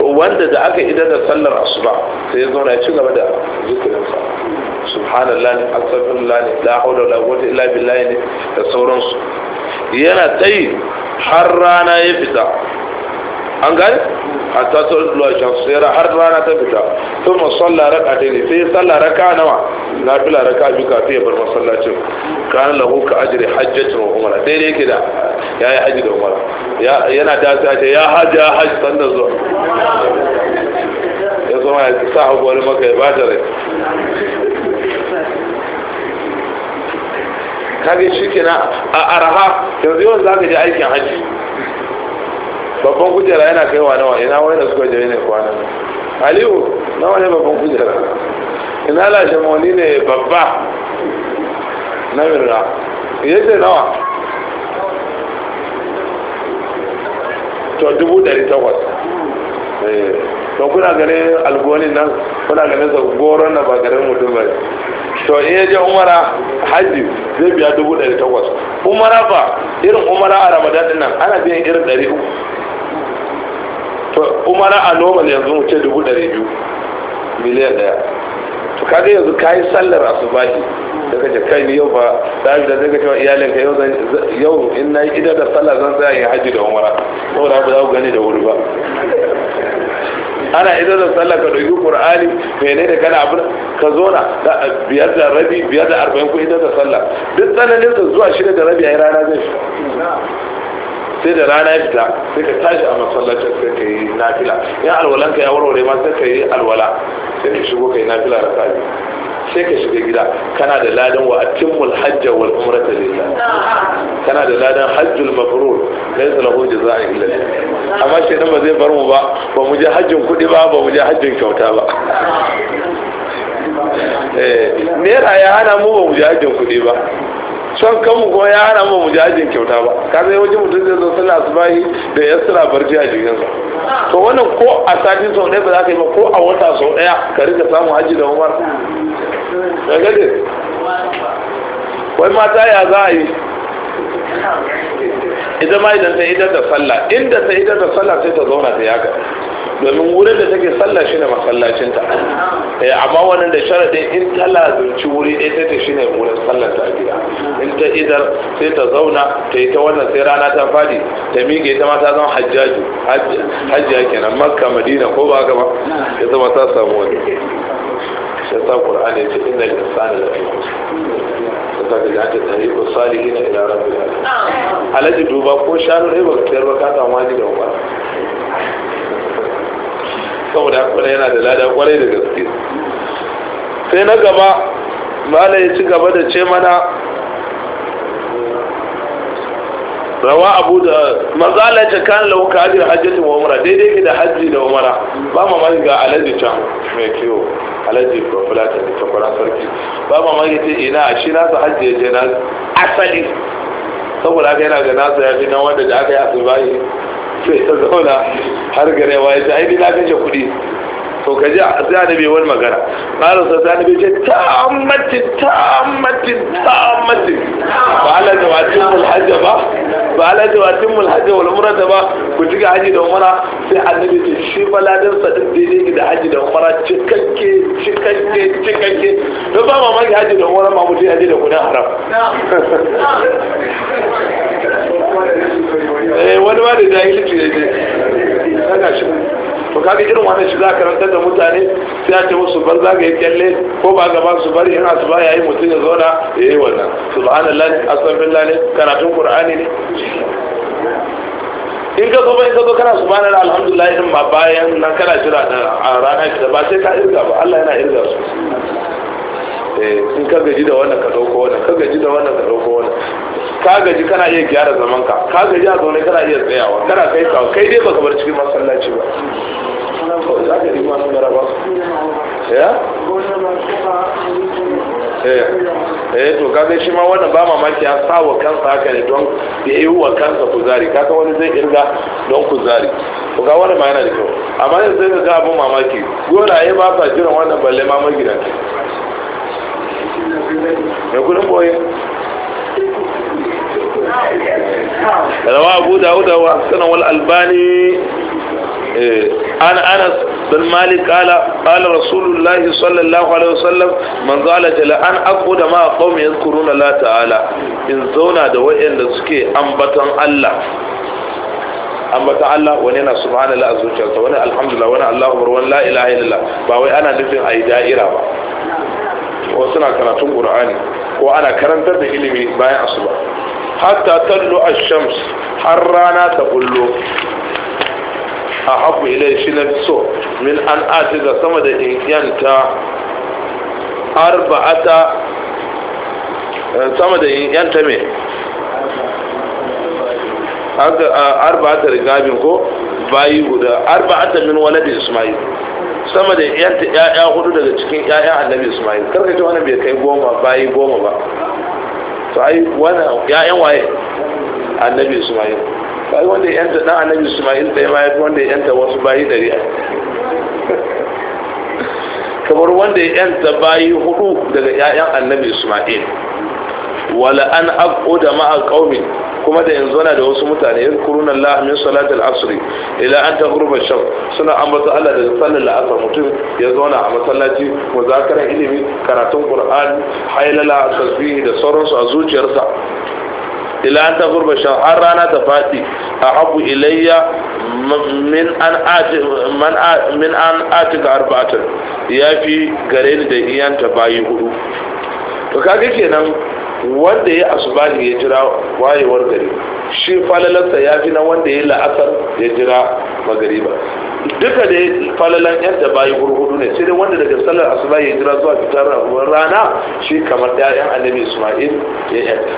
wanda da aka idan da sallar asuba sai ya zauna ya ci gaba da zikirinsa subhanallah ne astaghfirullah lani la hawla wala quwwata illa billah ne da sauransu yana yi har rana ya fita an gani a tattar su tsira har rana ta fita sun masalla raka ta ne sai salla raka nawa na fila raka biyu kafin ya bar masallacin kanan lahu ka ajire hajjacin umara daidai ke da ya yi hajji da umara yana da sa ce ya hajji ya hajji sanda zuwa ya zama ya sa hagu wani maka ya bata rai kage shi ke na a araha yanzu yawan za ka je aikin hajji babban kujera yana kai wa nawa ina wani da suka je ne kwanan aliyu nawa ne babban kujera ina lashe mawani ne babba na mirra yadda nawa to dubu dari takwas eh. to kuna gane algonin nan kuna gane sa goron na ba garin mutum ba to in ya je umara hajji zai biya dubu ɗari takwas umara ba irin umara a ramadan din nan ana biyan irin ɗari uku to umara a normal yanzu mu ce dubu ɗari biyu miliyan ɗaya to kaga yanzu kayi sallar asubahi daga ce kai ni yau ba da da zai cewa iyalin ka yau yau in na yi idan da sallah zan tsaya yin haji da umara da haka za ku gani da wuri ba ana idan da sallah ka ɗauki qur'ani mene da kana abin ka zo na biyar da rabi biyar da arba'in ko idan da sallah duk tsananin ka zuwa shida da rabi a rana zai shi sai da rana ya fita sai ka tashi a masallacin sai ka yi nafila yan alwalan ka ya warware ma sai ka yi alwala sai ka shigo ka yi nafila da sabi sai ka shiga gida kana da ladan wa atimul hajja wal umrata lillah kana da ladan hajjul mabrur laysa lahu jazaa'u illa amma shi ba zai bar mu ba ba mu je hajjin kudi ba ba mu je hajjin kyauta ba eh naira ya hana mu ba mu je hajjin kudi ba son kanmu ko ya hana mu mu ajin kyauta ba ka zai wajen mutum zai zo sallah asubahi da ya sira barci a sa to wannan ko a sati sau ɗaya ba za ka yi ba ko a wata sau ɗaya ka rika samun haji da umar da gade wai mata ya za a yi ita ma idan ta idar da sallah inda ta idar da sallah sai ta zauna ta yaga domin wurin da take sallah shine masallacin masallacinta eh, amma wannan da sharadin in ta lazumci wuri ɗaya sai ta shine wurin sallar ta gida in ta idan sai ta zauna ta yi ta wannan sai rana ta fadi ta miƙe ta mata ta zama hajjaju hajjiya nan, makka madina ko ba gaba ya zama ta samu wani shi yasa qur'ani ya ce inna al-insana da da ta ko alaji duba ko shanu ne ba ka tsayar ba ka samu wani da ba saboda haka yana da lada kwarai da gaske sai na gaba mala ya ci gaba da ce mana rawa abu da mazala ta kan lauka da hajji umara daidai ne da hajji da umara ba ma mai ga alaji can mai kiwo alaji ko ta ta fara sarki ba ma mai ta ina a shi nasa hajji ya je na asali saboda haka yana ga nasa ya fi na wanda da aka yi asibahi sai ta zauna har wa ya ce ai na kashe kuɗi to ka ji a sai annabi wani magana ƙarar sa sai annabi ce ta'ammati ta ta'ammati ba ala jawatin mulhajja ba ba ala jawatin mulhajja wal umrata ba ku ji haji da umara sai annabi ce shi baladin sa din da ne da haji da umara cikakke cikakke cikakke don ba mamaki haji da umara ma mutum haji da kudin haram <laughs> eh, wani ba da jahilci ne ne to kaga irin wannan shi za ka karanta da mutane sai a ce musu ban za ka yi kyalle ko ba gaba su bari in asuba ya yi mutum ya zauna ya yi wannan subhanallah ne astaghfirullah ne karatun qur'ani ne in ka zo in ka zo kana subhanallah alhamdulillah in ma bayan nan kana jira a rana ki ba sai ka irga ba Allah yana irga su sun eh, ka gaji da wannan ka dauko wannan ka gaji da wannan ka dauko wannan ka gaji kana iya gyara zaman ka ka gaji a zaune kana iya tsayawa kana kai kawo kai dai baka bar cikin masallaci ba za ka yi masu gara ba ya? eh, eh to kaga shi ma wannan ba mamaki ya sa wa kansa haka ne don ya yi wa kansa kuzari kaga wani zai irga don kuzari to ga wani ma yana da kyau amma yanzu zai ga abin mamaki goraye ba sa jiran wannan balle ma magidanci mai kudin boye rawa abu dawuda wa sanan wal albani eh, an anas bin malik qala qala rasulullahi sallallahu alaihi wasallam man qala jala an da ma qaumi yadhkuruna la ta'ala in zauna da wayanda suke ambaton Allah ambata Allah wani na subhanallah a zuciyarsa wani alhamdulillah wani Allahu akbar wani la ilaha illallah ba wai ana nufin a yi da'ira ba ko suna karatun qur'ani ko ana karantar da ilimi bayan asuba hatta tallu ash-shams har rana ta bullo a haku ilai shi na so min an atiza sama da yanta arba'ata eh, sama da yanta me eh, arba'ata rigabin ko bayi guda arba'ata min walad isma'il sama da ya'ya hudu daga cikin ya'ya annabi ismail karka ji wani bai kai goma bayi goma ba to ai wani ya'yan waye annabi ismail bayi wanda ya yanta dan annabi ismail ɗaya ma yafi wanda ya yanta wasu bayi ɗari <laughs> kamar wanda ya yanta bayi hudu daga ya'yan annabi ismail wala an aquda ma'a qaumin kuma da yanzu na da wasu mutane yin kuruna Allah min salat al ila an ta gurba shaf suna ambata Allah da sallar al-asr mutum ya zauna a masallaci muzakaran ilimi karatun Qur'ani haylala tasbih da sauransu a zuciyarsa ila an ta gurba shaf har rana ta fadi ahabu ilayya min an ati man min an ati ga arba'atan yafi gare ni da iyanta bayi hudu to kaga kenan wanda ya asubahi ya jira wayewar gari shi falalansa ya fi na wanda ya la'asar ya jira magariba duka da falalan yan da bayi gurgudu ne sai dai wanda daga sallar asuba ya jira zuwa fitar rabuwar rana shi kamar ɗayan annabi isma'il ya yanta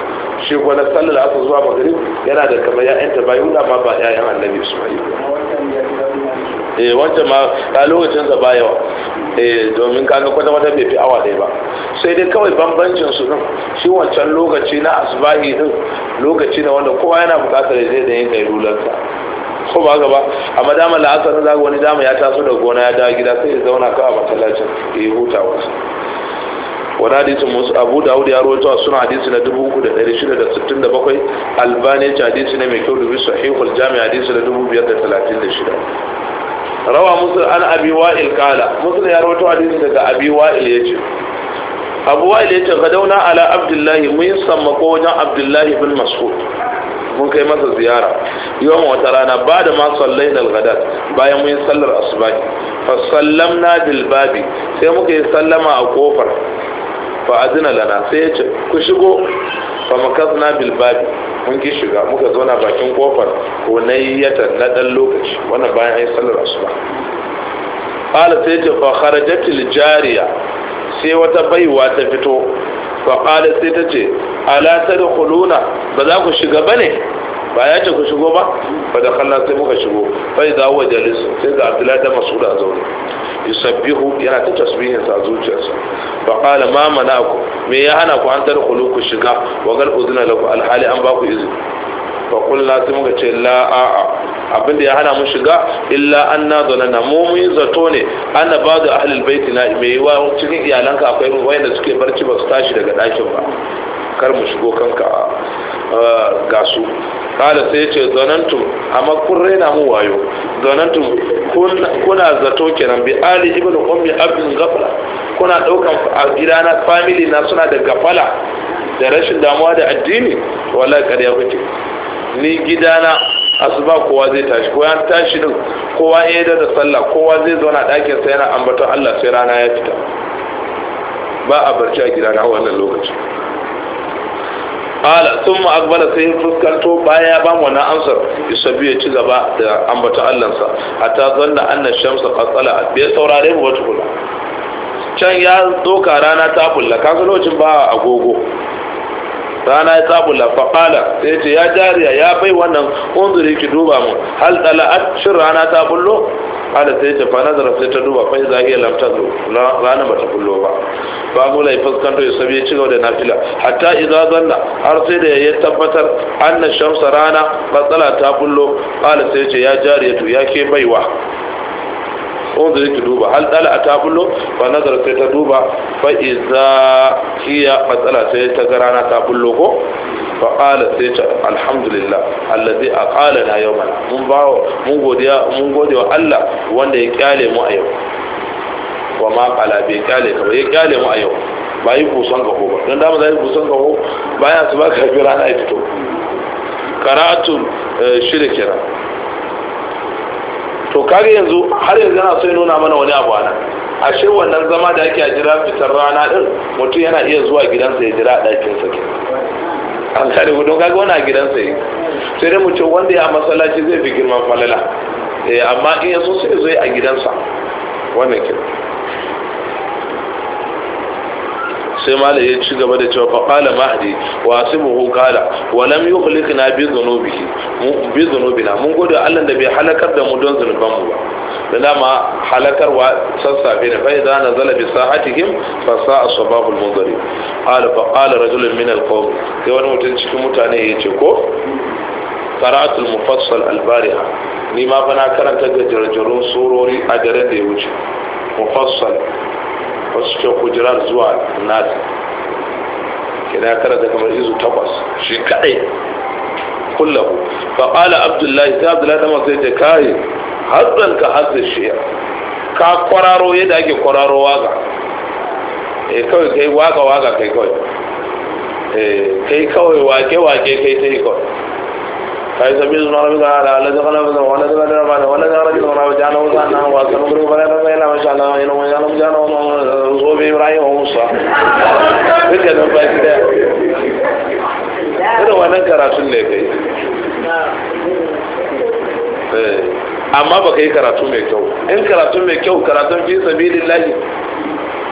shi wani sallar asa zuwa magarib yana da kamar ya yanta bayi hudu amma ba ɗayan annabi isma'il eh wancan ma a lokacin sa ba yawa eh domin kaga kwata-kwata bai fi awa ɗaya ba sai dai kawai bambancin su din shi wancan lokaci na asbahi din lokaci ne wanda kowa yana bukatar ya zai da yin gairularsa ko ba gaba amma dama la'asar za wani dama ya taso da gona ya dawo gida sai ya zauna kawai a masallacin ya yi hutawarsa wani hadisin musu abu da ya rawaito a suna hadisi na 3667 albani ci hadisi ne mai kyau da bisu sahihul jami hadisi na 536 rawa musu an abi wa'il kala musul ya rawaito hadisi daga abi wa'il ya ce abu wa'il ya ce gadauna ala abdullahi mun yi sammako wajen abdullahi bin mas'ud mun kai masa ziyara yawan wata rana ba da ma sallai gadat bayan mun yi sallar asubahi fa sallamna bil babi sai muka yi sallama a kofar fa azina lana sai ya ce ku shigo fa makasna bil babi mun ki shiga muka zauna bakin kofar ko na yi nayyata na ɗan lokaci wannan bayan a yi sallar asuba qala sai ya ce fa kharajat al jariya sai wata baiwa ta fito faƙada sai ta ce ala ta da kuluna ba za ku shiga ba ne ba ya ce ku shigo ba ba da kallon sai muka shigo bai za wa jalis sai ga abdullahi da masu da zaune yusabbihu yana ta tasbihin sa zuciyarsa fa qala ma manaku me ya hana ku an tarkhulu ku shiga wa gal uzna lakum alhali an ba ku izini fa kullu sai muka ce la a'a da ya hana mu shiga illa anna na mu mun zato ne ana ba da ahlul baiti na me yawa cikin iyalanka akwai wayanda suke barci ba su tashi daga dakin ba kar mu shigo kanka uh, ga su kala sai ce zanantu amma kun raina mu wayo zanantum kuna zato kenan bi ali ibnu ummi abdin gafala kuna daukan gidana family na suna da gafala da rashin damuwa da addini wallahi kariya kuke ni gidana asuba kowa zai tashi ko ya tashi din kowa ya da sallah kowa zai zauna ɗakin sa yana ambaton Allah sai rana ya fita ba a barci a gidana wannan lokaci ala sun akbala sai ya fuskanto baya ya bamu wannan amsar isabi ya ci gaba da Allah sa a ta zanna annan shamsa katsala bai saurare mu wata kula can ya doka rana ta bulla kaga lokacin ba agogo rana ya tsabula faƙala sai ce ya jariya ya bai wannan unzuri ki duba mu hal tsala'at shin rana ta bullo ala sai ta fana zara sai ta duba fa za iya lamta zo rana ba ta bullo ba ba mu lai fuskanto ya sabi ci gaba da nafila hatta idza zanna har sai da ya tabbatar anna shamsa rana matsala ta bullo ala sai ce ya to ya ke baiwa unzuri ki duba hal dala a tabullo fa nazar sai ta duba fa iza hiya matsala sai ta ga rana ta bullo ko fa qala sai ta alhamdulillah allazi aqalana yawman mun ba mun godiya mun gode wa Allah wanda ya kyale mu a yau wa ma qala bi kyale ka ba ya kyale mu a yau ba yi ka gaho ba don ba zai yi ka gaho baya su ba ka fi rana ita fito karatun shirya to kage yanzu har yanzu yana so ya nuna mana wani abu ana ashe wannan zama da ake a jira fitar rana din mutum yana iya zuwa gidansa ya jira a ɗakin sa an kare gudun kage wani a gidansa yi sai dai mutum wanda ya masallaci zai fi girman falala eh, amma in ya so sai zai a gidansa wannan kin sai malam ya ci gaba da cewa fa qala mahdi wa asibuhu qala wa lam yukhliqna bi dhunubihi bi na, mun gode Allah da bai halakar da mu don zunuban mu ba da dama wa sassafe ne fa idza nazala bi sahatihim fa sa'a sabahul munzari qala fa qala rajulun min al sai wani mutum cikin mutane ya ce ko qara'atul mufassal al-bariha ni ma fa na karanta gajarjarun surori a daren da ya wuce mufassal wasu cikin hujirar zuwa nasi kina ya karanta kamar izu takwas shi kaɗai. kullahu fa qala abdullahi sai abdullahi ta masu yace kayi hazzan ka shi ya. ka kwararo yadda ake kwararo waga E kawai kai waga waga kai kawai eh, kai kawai wake wake kai sai kawai فإذا بيز مرمز على الذي غلب ولد غلب ربنا ولد رجل ورب جعله وزعنا وأكرم قلوب فلا نرد إلا ما شاء الله إنه وجعلهم جعله وصوب إبراهيم وموسى فكذا فإذا kada wannan karatun ne kai amma ba ka yi karatu mai kyau in karatu mai kyau karatun fi sabilillahi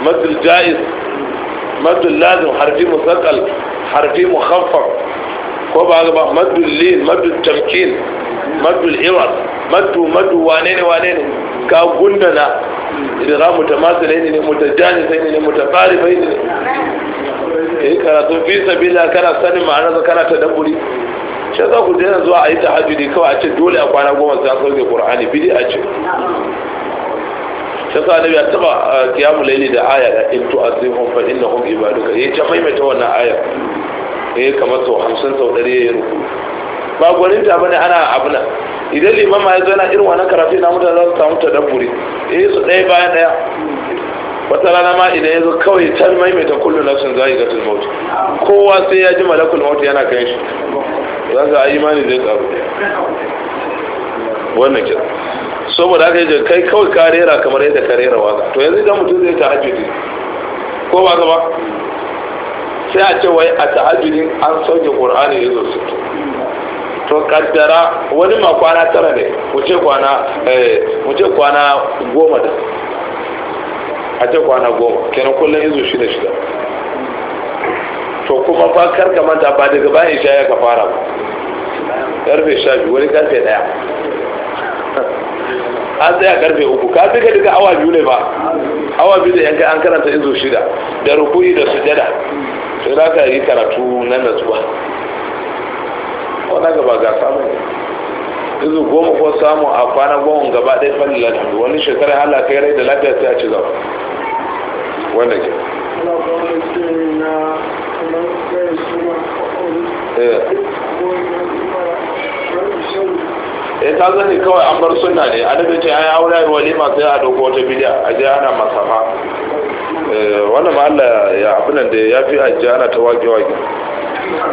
madul jaiz madul lazim harfi musaqqal harfi mukhaffaf ko ba ga ba maddu lin maddu tamkin maddu iwad maddu maddu wane ne wane ne ka gundana idan za mu tamasile ne mu tajani sai ne mu bai ne eh karatu fi sabila kana sanin ma'anar kana tadabburi shi za ku dena zuwa a yi tahajjudi kawai a ce dole a kwana goma sai an sauke qur'ani bidi a ce shi sa annabi ya taba kiyamu ah, laili da aya da in tu'azihum fa innahum ibaduka yayi ta maimaita wannan aya ya eh, kamar sau hamsin sau ɗari ya yi ruku ba gwaninta bane ana abuna idan limama ya zo yana irin wani karafi na mutane za su samu ta ya yi su ɗaya bayan ɗaya wata rana ma idan ya zo kawai can maimaita kullum na sun zai ga tulmauti kowa sai ya ji malakul mautu yana kan shi za ka yi imani zai karu wannan kira saboda yi yace kai kawai ka rera kamar yadda ka rera waka to yanzu idan mutum zai ta hajji ko ba ka ba sai a ce wai a tahajjudin an sauke qur'ani ya zo sutu to kaddara wani ma kwana tara ne wuce kwana wuce eh, kwana goma da a ce kwana goma kenan kullum izu shida shida to kuma ba kar ka manta ba daga bayan sha ya ka fara ba karfe sha biyu wani karfe daya <laughs> an tsaya karfe uku ka duka duka awa biyu ne ba awa biyu da yanka an karanta izu shida da rukuni da sujada sai za ka yi karatu na natsuwa wani gaba ga samun izu goma ko samu a kwana goma gaba ɗaya fannin lafiya wani shekara ala kai rai da lafiya sai a ci gaba wanda ke Yeah. in eh, ta zane kawai an bar suna ne annabi ce ai aure ai walima sai a dauko wata bidiya a je ana masama eh, wannan ma Allah ya abin da ya fi ajje ana ta wage wage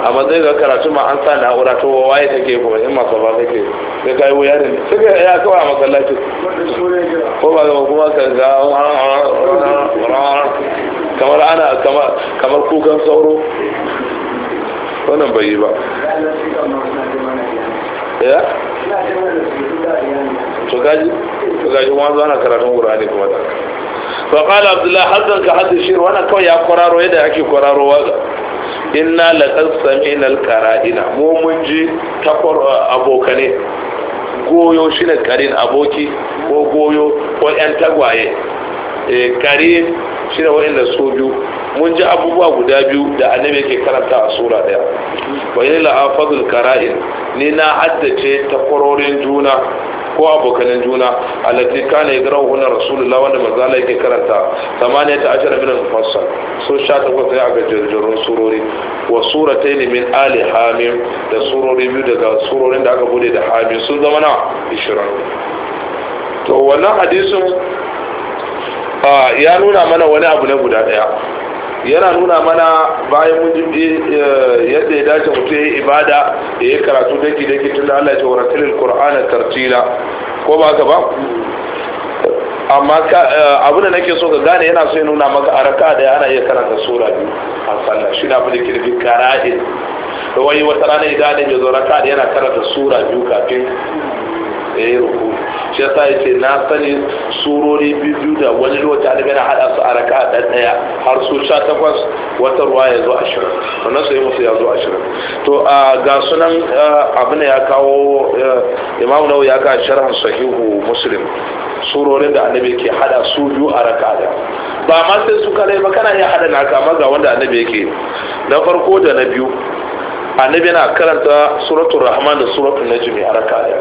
a matsayin ga karatu ma an sa na'ura ta waye take ko in ba kake sai kai wuya ne sai ya kawai a masallaci ko ba kuma ka ga kamar ana kamar kukan sauro wannan bai yi ba ya to gaji ana karatun qur'ani kuma da fa qala ka kawai ya kwararo yadda ake kwararo waga inna laqad sami'na al mu mun ji takwar abokane goyo shine karin aboki ko goyo ko yan tagwaye Eh, kare shi da wa'in da su biyu mun ji abubuwa guda biyu da annabi yake karanta a sura daya wa yi la'afazul kara'in ni na haddace kwarorin juna ko abokanin juna kane kana yadrahu hunan rasulullah wanda manzo yake karanta 18 min al-mufassal so 18 sai aka jirjirun surori wa suratayn min ali hamim da surori biyu daga surorin da aka bude da hamim sun zama na 20 to wannan hadisin ya nuna mana wani abu ne guda daya yana nuna mana bayan mun ji eh, yadda ya dace mutum ya yi ibada ya yi karatu daki daki tun da Allah ya ce wa ratilil tartila ko ba ka ba amma eh, abu da nake so ka gane yana so ya nuna maka a raka da ana iya karanta sura biyu a sallah shi na bude kirfi kara'in da wai wata rana idan ne ya raka da yana karanta sura biyu kafin ya yi ruku shi yasa ya ce na sani surori biyu da wani lokaci an gana hada su a raka ɗan ɗaya har su sha takwas wata ruwa ya zo ashirin wannan sai musu ya zo ashirin to a ga sunan abin ya kawo imam nau ya ka sharhan sahihu muslim surorin da annabi ke hada su biyu a raka da ba ma sai su kalai ba kana iya hada na amma ga wanda annabi yake na farko da na biyu annabi na karanta suratul rahman da suratul najmi a raka da.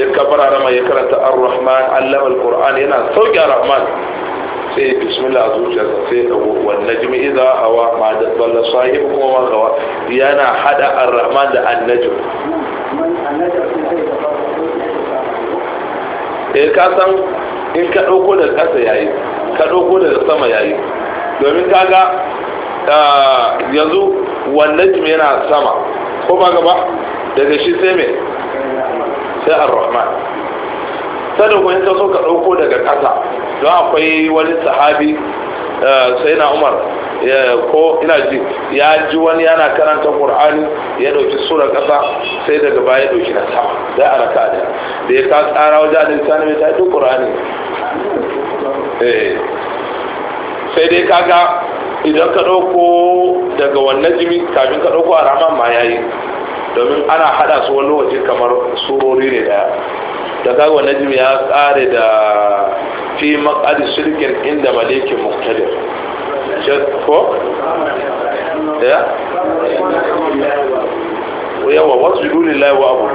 ya kafara rama ya karanta ar-rahman allama al-qur'an yana sauki ar-rahman sai bismillah a zuciyarsa sai ya dago wanda jimi idza hawa ma da balla sahib kuma ma gawa yana hada ar-rahman da an-najm eh, ka san in ka dauko da kasa yayi ka dauko da sama yayi domin kaga yanzu wannan jimi yana sama ko ba gaba daga shi sai me sai ar-rahman sanin kun ta so ka ɗauko daga ƙasa don akwai wani sahabi eh, sai na umar ko ina ji ya ji wani yana karanta qur'ani ya dauki sura kasa sai daga baya ya dauki na sama da araka da da ya ka tsara wajen da sani ne ta duk qur'ani eh, sai dai kaga idan ka dauko daga wannan jimi kafin ka dauko a rahman ma yayi domin ana hada su wani lokaci kamar surori ne daya da kaga najm ya kare da fi makadi shirkin inda malikin muktadir ko ya yawa wasu lillahi wa abu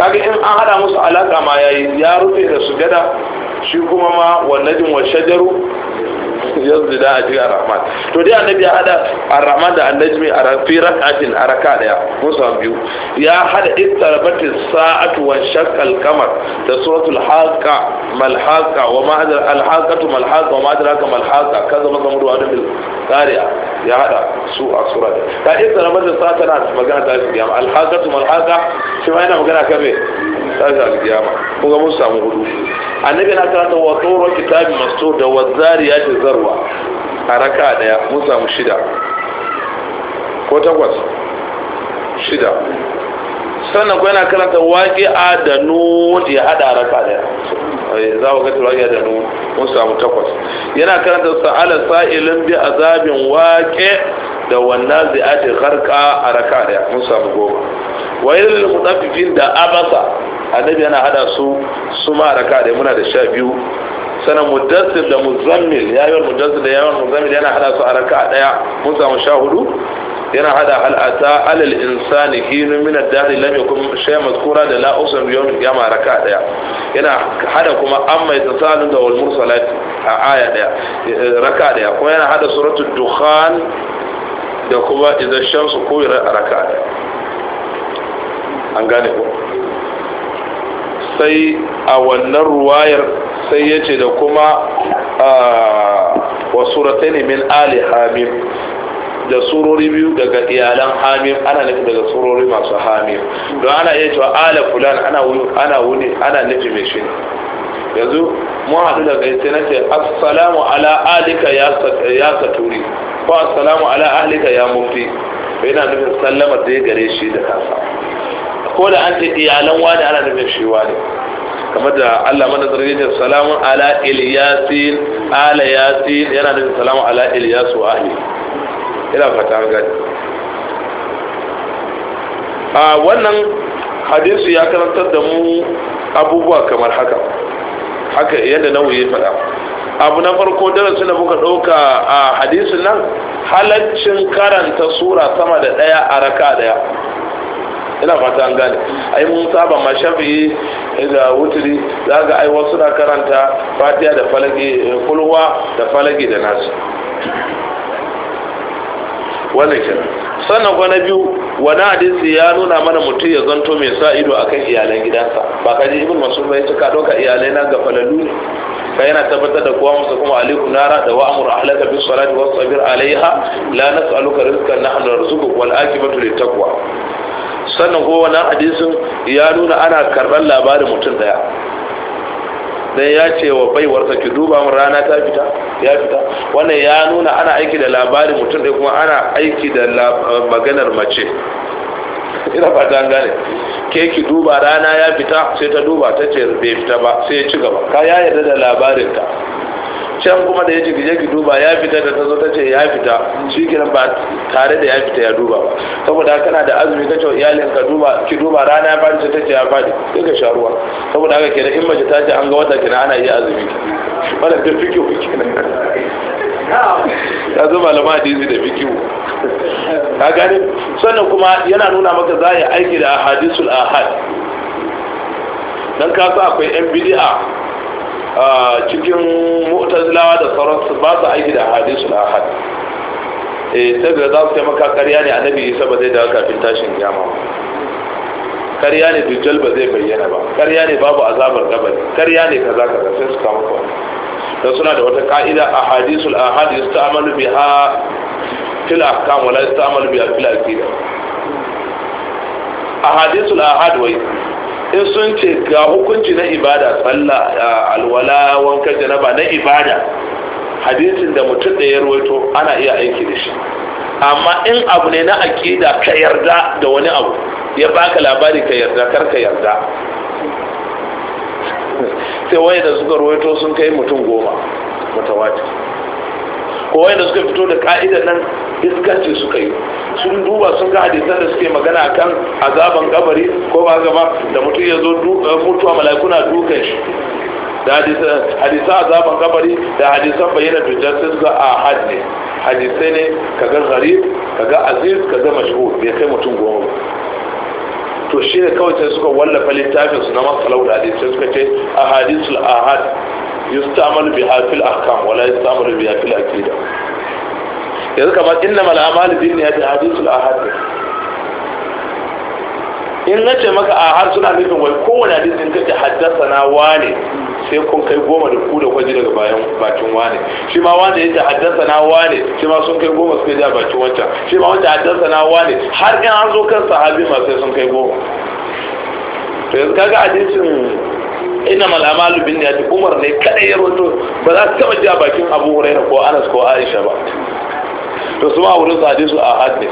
kaga in an hada musu alaka ma ya yi ya rufe da su gada shi kuma ma wannan wa shajaru ya zida a jiya rahman to dai annabi ya hada ar-rahman da an-najmi a fi rak'atin a raka daya musa biyu ya hada ittarabati sa'atu wa shaqqal kamar da suratul haqa mal haqa wa ma adra al haqatu mal haqa wa ma adraka mal haqa kaza maka mudu wa bil qari'a ya hada su a sura da ittarabati sa'atu na magana ta shi al haqatu mal haqa shi ma yana magana kan ne tashin alkiyama kuma mun samu hudu annabi na karanta wa tsoron kitabi masu da wa zariya ta zarwa a raka daya mun samu shida ko takwas shida sannan kuwa yana karanta waƙi a da nun ya hada a raka daya eh, za ku ga turawa da nun mun samu takwas yana karanta sa'ala sa'ilin bi azabin waƙe da wannan zai ake harka a raka daya mun samu goma wa yadda mutaffifin da abasa annabi yana hada su su ma'araka da muna da sha biyu sanan mudassir da muzammil yawon mudassir da yawon muzammil yana hada su a raka daya mun samu sha hudu yana hada al'ata alal insani hinu min ad-dahr lam kuma shay mazkura da la usam bi yawm qiyamah raka daya yana hada kuma amma yatasalun da wal mursalat a aya daya eh, raka daya kuma yana hada suratul dukhan da kuma idan shamsu kuwirat a raka daya an gane ko sai a wannan ruwayar sai ya ce da kuma wa ne min ali hamim da surori biyu daga iyalan hamim ana nufi daga surori masu hamim don ana iya cewa ala fulan ana wuni ana nufi mai shi yanzu mu haɗu da ita na ce assalamu ala alika ya saturi ko assalamu ala ahlika ya mufti yana nufin sallamar da ya gare shi da kasa ko da an ce iyalan wani ana da shi wani kamar da Allah mana zargin da salamun ala ilyasin ala yasin yana da salamun ala ilyasu ahli ina fata an gani a wannan hadisi ya karantar da mu abubuwa kamar haka haka yadda nawayi faɗa abu na farko darasi da muka ɗauka a hadisin nan halaccin karanta sura sama da ɗaya a raka ɗaya ina fata an gane ai mun saba ma shafi'i da wuturi za ga ai wasu na karanta fatiya da falage kulwa da falage da nasu wannan kenan sannan kwana biyu wani hadisi ya nuna mana mutum ya zanto mai sa ido a kan iyalan gidansa ba ka ji ibn masu bai cika doka iyalai na ga falalu ne ka yana tabbatar da kowa masu kuma aliku nara da wa amur ahlaka bis salati wasu sabir alaiha la nas'aluka rizqan nahnu narzuquk wal akibatu lit sannan kuma wannan hadisin ya nuna ana karɓar labarin mutum daya dan ya ce wa baiwarsa ki duba mun rana ta fita ya fita wannan ya nuna ana aiki da labarin mutum ɗaya kuma ana aiki da maganar mace ina ba an gane ke ki duba rana ya fita sai ta duba ta ce bai fita ba sai ya ci gaba ka ya yarda da labarin ta? can kuma da ya ji je ki duba ya fita da ta zo ta ce ya fita shi kenan ba tare da ya fita ya duba ba saboda kana da azumi kace wa iyalin ka duba ki duba rana ya fadi ta ce ya fadi sai ka sha ruwa saboda haka kenan in mace ta ce an ga wata kina, ana iya azumi wala da fikihu kenan ya zo malama hadisi da fikihu ka gane sannan kuma yana nuna maka za a yi aiki da hadisul ahad dan ka akwai yan bid'a cikin mu'tazilawa da sauransu ba su aiki da hadisul ahad eh sai da za su taimaka maka ne annabi isa ba zai dawo kafin tashin kiyama ƙarya ne dujjal ba zai bayyana ba ƙarya ne babu azabar kabari ƙarya ne kaza kaza sai su kama kwa da suna da wata ka'ida a hadisul ahad yusta'malu biha fil ahkam wala yusta'malu biha fil aqida ahadisul ahad wai in sun ce ga hukunci na ibada tsalla alwala wankan janaba na ibada hadisin da mutum da ya ruwaito ana iya aiki da shi amma in abu ne na aƙida ka yarda da wani abu ya baka labari ka yarda kar ka yarda sai waye da suka ruwaito sun kai mutum goma mutawatir ko wanda suka fito da ka'idar nan iskanci suka yi sun duba sun ga hadisan da suke magana kan azaban kabari ko ba gaba da mutum ya zo mutuwa malakuna dukan shi da hadisan azaban kabari da hadisan bayyana dujjar sun ga a hadne hadisai ne kaga gharib kaga aziz ga mashi'u bai kai mutum goma to shi ne kawai sai suka wallafa littafin su na masalau da hadisi suka ce a hadisul ahad yustamalu bi hafil ahkam wala yustamalu bi hafil akida yanzu kamar inna mal a'malu bin niyyati hadisul ahad in na ce maka a har suna nufin wai kowane hadisi ka ce haddasa na wane sai kun kai goma da ku da kwaji daga bayan bakin wane shi ma wanda yake haddasa na wane shi ma sun kai goma suka a bakin wancan shi ma wanda haddasa na wane har in an zo kan sahabi ma sai sun kai goma to yanzu kaga hadisin ina mal'amalu bin yati umar ne kada ya roto ba za su taba a bakin abu hurairah ko anas ko aisha ba to su ma wurin su hadisu a hadisi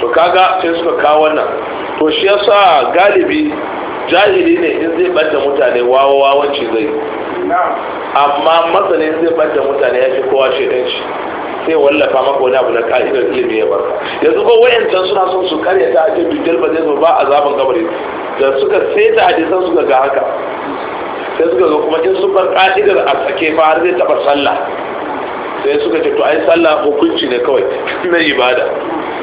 to kaga sai suka kawo wannan to shi yasa galibi jahili ne in zai bada mutane wawa wawanci zai amma matsalin zai bada mutane ya fi kowa shaidanci sai wallafa maka wani abu na ka'idar ilimi ya bar yanzu ko can suna son su karya ta ake bidal ba zai zo ba zaben kabari da suka sai ta hadisan suka ga haka sai suka zo kuma in sun bar ka'idar a sake ba har zai taɓa sallah sai suka ce to ai sallah hukunci ne kawai <laughs> na ibada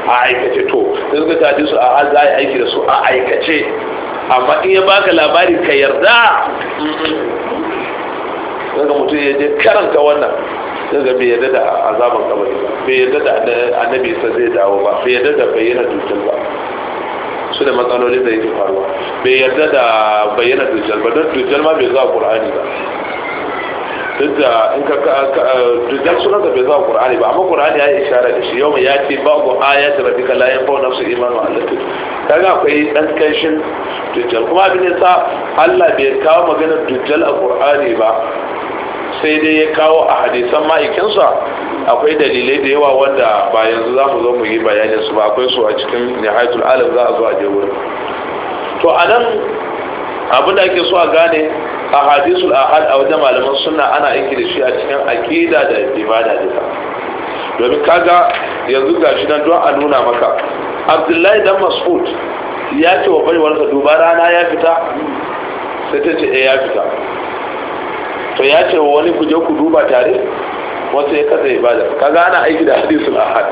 a aikace to da suka ce su a za a yi aiki da su a aikace amma in ya baka labari ka yarda daga mutum ya je karanta wannan daga bai yarda da azaban kamar ba bai yarda da annabi sa zai dawo ba bai yarda da bayyana dutsen ba su da matsalolin da yake faruwa bai yarda da bayyana dutsen ba don dutsen ma bai zuwa qur'ani ba duk da in ka duk sunan da bai zuwa qur'ani ba amma qur'ani ya yi ishara da shi yau ya ce babu ayati rabbika la yanfa'u nafsu imanu allati kaga akwai dan kanshin dujjal kuma abin sa Allah bai kawo maganar dujjal a qur'ani ba sai dai ya kawo a hadisan ma'aikinsa akwai dalilai da yawa wanda ba yanzu za mu zo mu yi bayanin su ba akwai su a cikin nihayatul alam za a zo a je wurin to anan abin da ake so a gane a hadisul ahad a wajen malaman suna ana aiki da shi a cikin aƙida da ibada da domin kaga yanzu ga shi nan don a nuna maka abdullahi dan mas'ud ya ce wa wani duba rana ya fita sai ta ce eh, ya fita to ya ce wa wani ku je ku duba tare wasu ya kasa ibada kaga ana aiki da hadisul ahad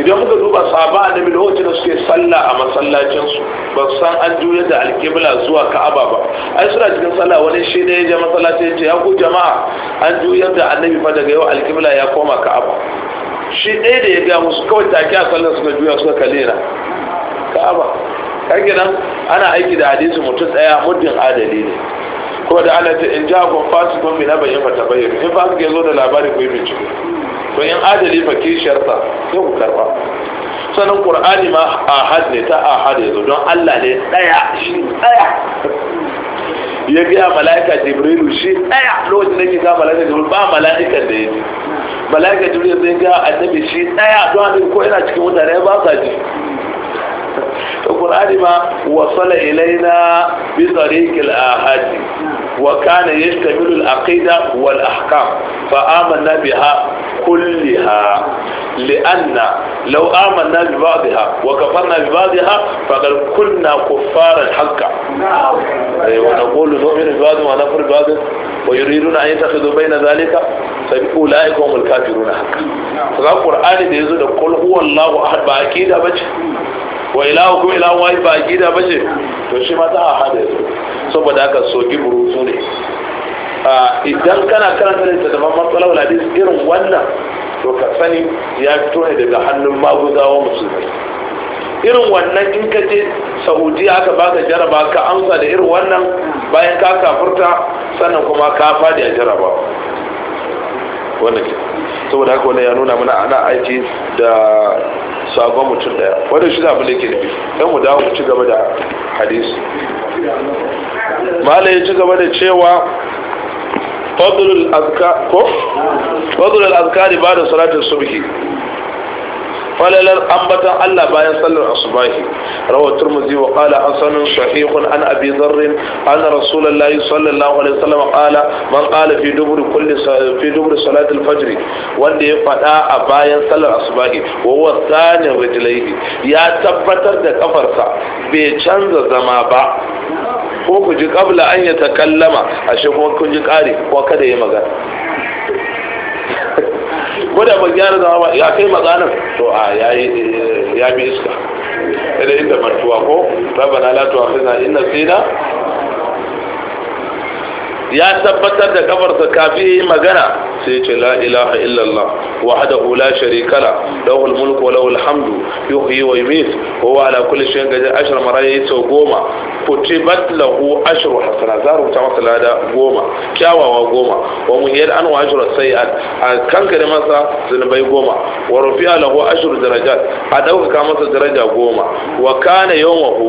idan muka duba sahaba annabi lokacin da suke sallah a ba su ba san an juya da alkibla zuwa ka'aba ba ai suna cikin sallah wani shi ne ya je masallaci ya ce ya ku jama'a an juya da annabi fa daga yau alkibla ya koma ka'aba shi ɗaya da ya ga musu kawai take a sallar suka juya suka na ka'aba kage nan ana aiki da hadisi mutum ɗaya muddin adali ne kuma da ana ta in ja kun fasikun bi na bayyana ta bayyana in fasik ya zo da labari ku yi bincike to in adali fa sharta sai ku karba sanin ƙur'ani ma a ne ta ahad yanzu don Allah ne daya shi daya ya biya mala'ika jibrilu shi daya lokacin da ke ga mala'ika jibrilu ba mala'ikan da ya ji mala'ika jibrilu zai ga annabi shi daya don annabi ko ina cikin mutane ba sa ji القرآن ما وصل إلينا بطريق الآهات وكان يشتمل العقيدة والأحكام فآمنا بها كلها لأن لو آمنا ببعضها وكفرنا ببعضها فقد كنا كفارا حقا أيوة، ونقول نؤمن ببعض ونكفر ببعض ويريدون أن يتخذوا بين ذلك فأولئك هم الكافرون حقا فقال القرآن يقول هو الله أحد بأكيد أبدا wa ilahu ko ilahu wani ba gida ba ce to shi ma a hada su saboda haka soki burutu ne idan kana karanta littattafan matsalar hadis irin wannan to ka sani ya fito ne daga hannun maguzawa musulmi irin wannan in ka je saudi aka baka jaraba ka amsa da irin wannan bayan ka kafurta sannan kuma ka fadi a jaraba wannan ke saboda haka wannan ya nuna mana ana aiki da sabon mutum daya wadda shi zafi da ke nufi mu dawo mu ci gaba da hadisi malai ya ci gaba da cewa fadlul azkari ba da salatin subhi falalar ambatan Allah bayan sallar asubahi rawat turmuzi wa qala hasanun sahihun an abi dharr an rasulullahi sallallahu alaihi wasallam qala man qala fi dubur kulli fi dubur salat al wanda ya fada a bayan sallar asubahi wa huwa thani ya tabbatar da kafarsa bai canza zama ba ko ku ji kabla an ya takallama ashe kuma kun ji kare ko kada ya magana ko da ban gyara zama ba ya kai matsanin to a ya bi iska kada inda martuwa ko rabana sai na inna ya tabbatar da kafarsa kafin magana sai ce la ilaha illallah wahdahu la sharika la lahu almulku wa lahu alhamdu yuhyi wa yumiit wa huwa ala kulli shay'in qadir ashar marayi sau goma kutibat lahu ashru hasana za ta masa lada goma kyawawa goma wa muhiyar an wa ashru sayi'at a kankare masa zunubai goma wa rufi'a lahu ashru darajat a daukaka masa daraja goma wa kana yawmahu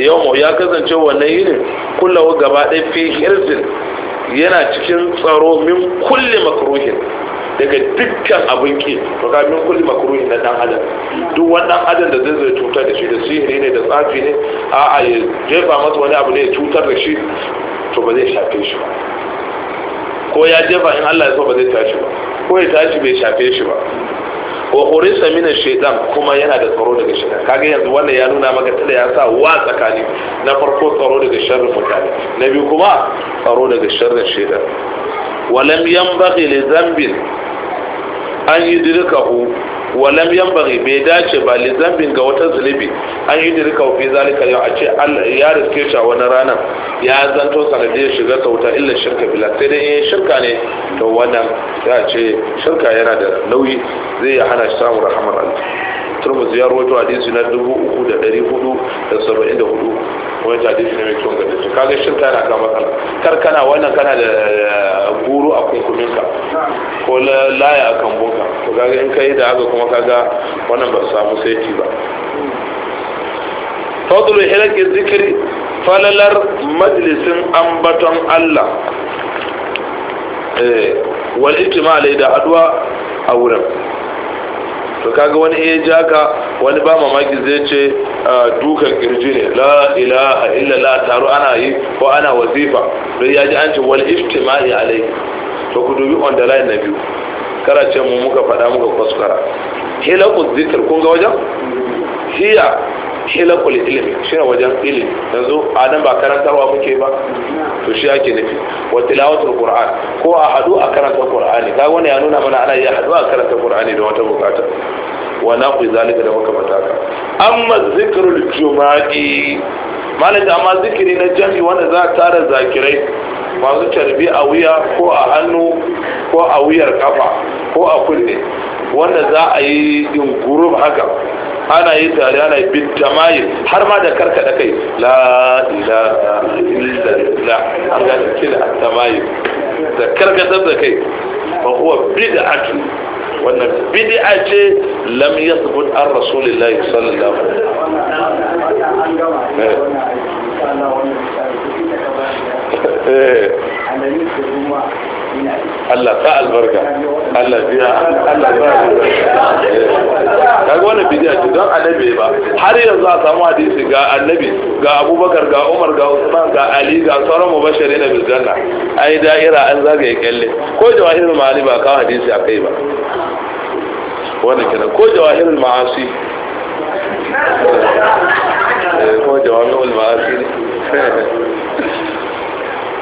yawmahu ya kasance wannan yinin kullahu gaba ɗaya fi hirzin yana cikin tsaro min kulli makruhin daga dukkan abin ke to ka min kulli makruhin na dan adam duk wannan adam da zai zai cutar da shi da sihiri ne da tsafi ne a a ya jefa masa wani abu ne ya cutar da shi to ba zai shafe shi ba ko ya jefa in Allah ya so ba zai tashi ba ko ya tashi bai shafe shi ba wa qurisa min ash-shaytan kuma yana da tsaro daga shaytan kage yanzu wannan ya nuna maka tada ya sa wa tsakani na farko tsaro daga sharri mutane na biyu kuma tsaro daga sharrin shaytan wa lam yanbaghi li dhanbin an yi dirkahu walam yanbaghi bai dace ba li zambin ga wata zulubi an yi dirkahu fi zalika yau a ce ya riske shi a wani ranar ya zanto sanadiyar shiga sauta illa shirka bila sai dai in shirka ne to wannan ya ce shirka yana da nauyi zai hana shi samun rahamar Allah turmus ya rawaito hadisi na 3474 wani hadisi ne mai kyau ga dace kaga shin ta yana kama kana kar kana wannan kana da eh, guru a kunkuminka ko laya a kambunka to kaga in kai da haka kuma kaga wannan ba su samu saiti ba fadlu hilaki zikiri falalar majalisin ambaton Allah eh, wal ijtima'a da aduwa a wurin to kaga wani iya ja wani ba mamaki zai ce ah, dukan kirji ne la ilaha illa la taro ana yi ko ana wazifa don ya ji an ce wal iftima'i alai to ku dubi on the line na biyu kara ce mu muka faɗa muka kwaskwara hila ku zikir kun ga wajen hiya hilakul ilimi shi ne wajen ilimi yanzu a nan ba karantarwa muke ba to shi ake nufi wa tilawatul qur'an ko a hadu a karanta qur'ani kaga wani ya nuna mana ana iya hadu a karanta qur'ani da wata bukata wa naqi zalika da maka mataka amma zikrul juma'i malam da amma zikiri na jami'i wanda za a tara zakirai masu carbi a wuya ko a hannu ko a wuyar kafa ko a kulle wanda za a yi yin haka ana yi tare ana yi bitamayil har ma da da kai la ilaha la an ga cikin atamayil da karka da kai fa huwa bid'atu wannan bid'a ce lam yathbut an rasulillahi sallallahu alaihi wasallam eh. Eh. Allah ta albarka Allah biya Allah ta kaga wannan bidiya ce don annabi ba har yanzu a samu hadisi ga annabi ga abubakar ga umar ga usman ga ali ga sauran mubashari na biljanna ai da'ira an zagaye kyalle ko jawahirul ma'ani ba kawo hadisi a kai ba wannan kenan ko jawahirul ma'asi eh, ko jawahirul ma'asi ne <laughs>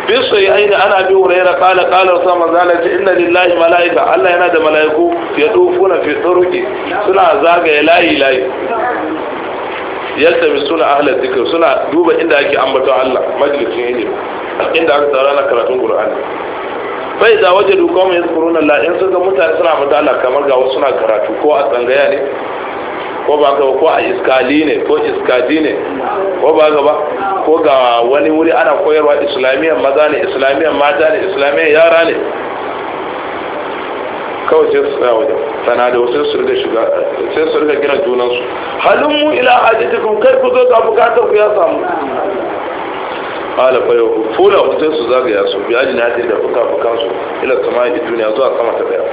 bisu aina ana bi hurairah qala qala rasul manzala ce inna lillahi malaika Allah yana da malaiku ya dofuna fi turuki suna zagaye layi layi yaltabi suna ahla dhikr suna duba inda ake ambaton Allah majlisin ilimi inda aka tsara na karatun Qur'ani bai da waje dukkan mai yazkuruna la in suka mutane suna mutala kamar ga wasu suna karatu ko a tsangaya ne ko ba ka ko a iskali ne ko iskadi ne ko ba ka ba ko ga wani wuri ana koyarwa islamiyyar maza ne islamiyyar mata ne islamiyyar yara ne kawai sai su tsaya wajen sana da wasu su riga shiga sai su riga gina junansu halin mu ila hajjitikum kai ku zo ga bukatar ku ya samu ala fa yau fula ku sai su zagaya su bi ajina ta da fuka fukan su ila samai duniya zuwa sama ta daya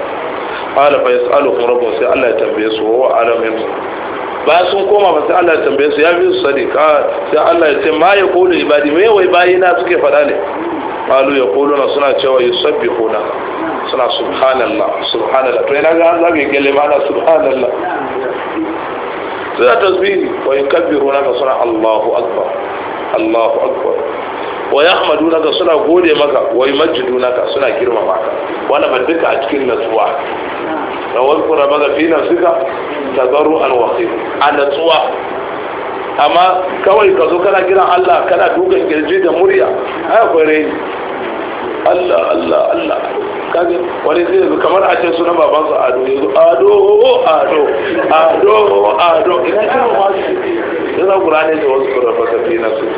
ala fa yasalu rabbu sai Allah ya tambaye su wa alamin bayan sun koma ba sai Allah ya tambaye su ya fi su sani sai Allah ya ce ma ya kulu ibadi me wai bayi na suke faɗa ne qalu na suna cewa yusabbihuna suna subhanallah subhanallah to ina ga zabi gele na subhanallah suna tasbihi wa yukabbiruna ka suna Allahu akbar Allahu akbar wa yahmaduna ka suna gode maka wa yumajjiduna ka suna girmama ka wannan ba duka a cikin natsuwa da wasu rama da fina suka tazaru alwakil a natsuwa amma kawai ka zo kana kiran allah kana dukan girji da murya ai akwai rai allah allah allah kage wani zai yanzu kamar a ce suna babansa ado yanzu ado ado ado ado ina kiran wasu إذا قرآن واذكر ربك في نفسك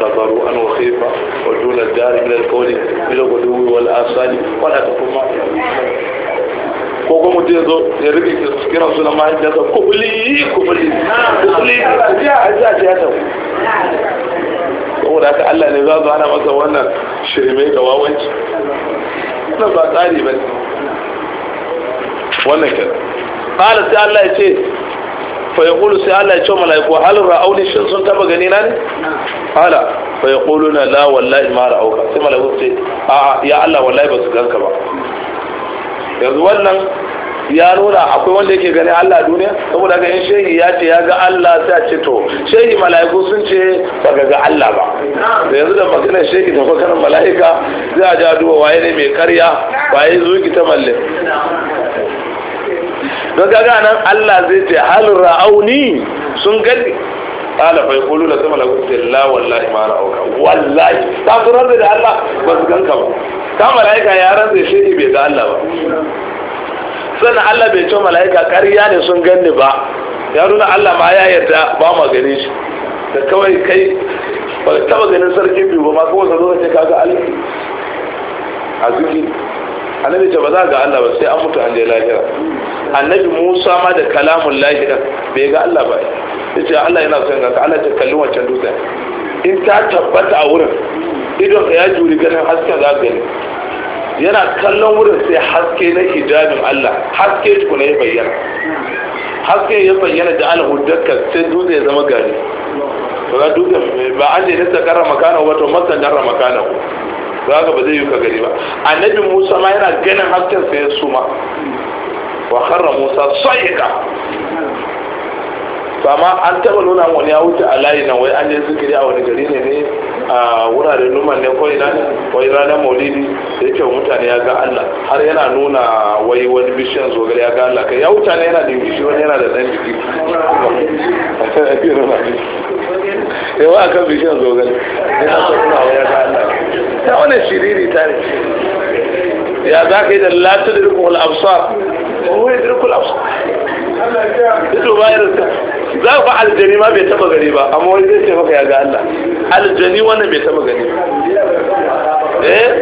تضرعا وخيفا ودون الدار من القول بالغدو والآصال ولا تكن معهم ko kuma mutum ya zo ya rike kira sunan mahaifiyarsa kubli kubli kubli ya aji a tiyata saboda ka Allah ne za su hana masa wannan shirme da wawanci wannan ba tsari ba ne wannan kira kala sai Allah ya ce fa ya kulu sai Allah ya ce mala'iku hal ra'auni shin sun taba gani na ne kala fa ya kulu na la wallahi ma ra'auka sai mala'iku ce a'a ya Allah wallahi ba su ganka ba yanzu wannan ya nuna akwai wanda yake ganin Allah duniya saboda ga yin shehi ya ce ya ga Allah sai a ce to shehi mala'iku sun ce ba ga Allah ba da yanzu da maganar shehi ta kwakwanin mala'ika zai a ja waye ne mai karya waye zuki ta malle don gaga nan Allah zai ce halin ra'auni sun gani ala fa yaqulu la sama lagu la wallahi ma na auka wallahi ta turar da Allah ba su ganka ba ta mala'ika ya rantsa shi bai ga Allah ba sannan Allah bai ce mala'ika ƙarya ne sun ganni ba ya nuna Allah ma ya yarda ba ma gare shi da kawai kai ba taba ganin sarkin biyu ba ma kawai ka zo ka ce kaga a zuki annabi ta ba za ga Allah ba sai an mutu an je lahira annabi Musa ma da kalamun lahira bai ga Allah ba ya ce Allah yana son ganka Allah ta kalli wancan dutsen in ta tabbata a wurin ka ya juri ganin hasken za gani yana kallon wurin sai haske na hijabin Allah haske ku ya bayyana haske ya bayyana da alhuddaka sai dutse ya zama gari ba dutse ba an je nasa karra makana wato masa karra makana za ga ba zai yi ka gani ba annabi musa ma yana ganin hasken sai ya suma wa kharra musa sa'iqa to amma an taba nuna wani ya wuce a layi nan wai an yi zikiri a wani gari ne ne a wuraren numan ne ko ina wai ranar maulidi da yake mutane ya ga Allah har yana nuna wai wani bishiyan zogar ya ga Allah kai ya wuce ne yana da bishi wani yana da dan jiki <laughs> yawa a kan bishiyan zogar yana so nuna wai ya ga Allah ta wani shiriri tare ya za ka yi da latin rikon al'absar wai zai za ku aljani ma bai taba gani ba amma wani zai ce maka ya ga Allah aljani wannan bai taba gani eh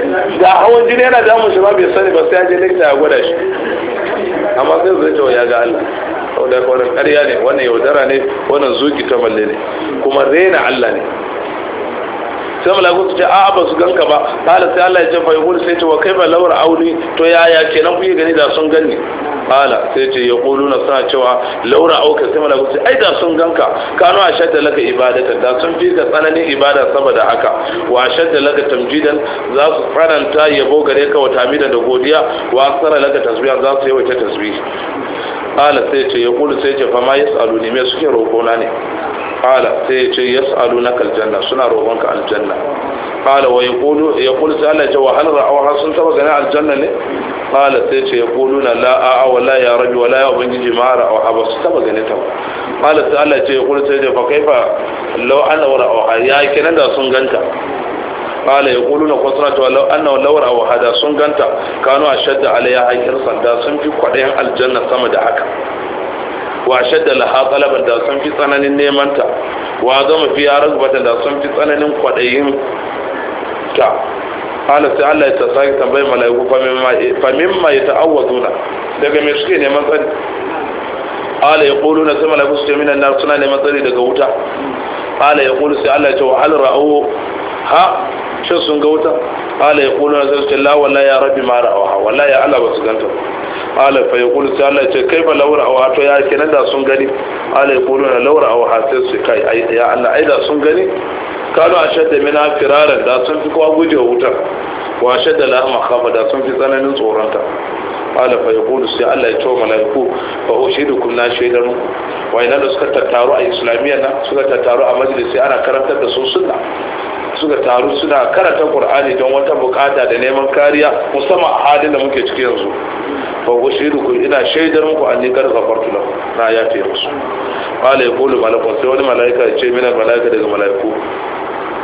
da hawan jini yana damun shi ma bai sani ba sai ya je likita ya gwada shi amma sai zai ce ya ga Allah saboda wannan ƙarya ne wannan yaudara ne wannan zuki ta malle ne kuma rena Allah ne sai malaku su ce a ba su ganka ba kala sai Allah ya ce fa yaqulu sai ce wa kaifa lawar auni to yaya kenan kuke gani da sun ganni kala sai ce yaquluna sa cewa laura auka sai malaku su ce ai da sun ganka kanu a shadda laka ibadata da sun fi ka tsananin ibada saboda haka wa shadda laka tamjidan za su faranta yabo gare ka wa tamida da godiya wa asara laka tasbiha za su yi yawaita tasbih qala sai ce ya qulu sai ce fa ma ne me suke roko na ne qala sai ce kal aljanna suna al aljanna qala wa yaqulu yaqulu sai Allah ce wa hal ra'aw sun taba gani aljanna ne qala sai ce na la a'a wa la ya rabbi wa la ya ubangiji ma wa ba su taba gani ta qala sai Allah ce ya yaqulu sai ce fa kaifa law ana ra'a ya kenan da sun ganta qala yaquluna qasratu law anna law raw hada sun ganta kanu ashadda alayha haykir sanda sun fi kwadayan aljanna sama da haka wa shadda laha talaban da sun fi tsananin neman ta wa zama fi ya ragbata da sun fi tsananin kwadayin ta ala sai Allah ya ta sake tambayi mala'iku fa mimma ya ta'awwazuna daga me suke neman tsari ala ya kulu na sai mala'iku suke minan nar suna neman tsari daga wuta ala ya kulu sai Allah ya ce wa hal ra'u ha shin sun ga wuta ala ya kuna zai ce la wala ya rabi mara awa wala ya ala ba su ganta ala fa ya kuna sai ala ce kai ba laura awa to ya kenan da sun gani ala ya kuna na laura awa sai su kai ya ala aida da sun gani kano a shadda mina firaran da sun fi kowa gujewa wuta wa shadda lahama kafa da sun fi tsananin tsoronta ala fa kuna sai Allah ya to malaiku shi ushidukum na shaidar mu wa ina da suka tattaru a islamiyya na suka tattaru a majalisi ana karantar da su sunna suka taru suna karanta qur'ani don wata bukata da neman kariya musamman a halin da muke ciki yanzu fa ushiru ku ina shaidar muku an kar zafartu lahu na ya fi musu qala yaqulu malakun sai wani malaika ya ce mina malaika daga malaiku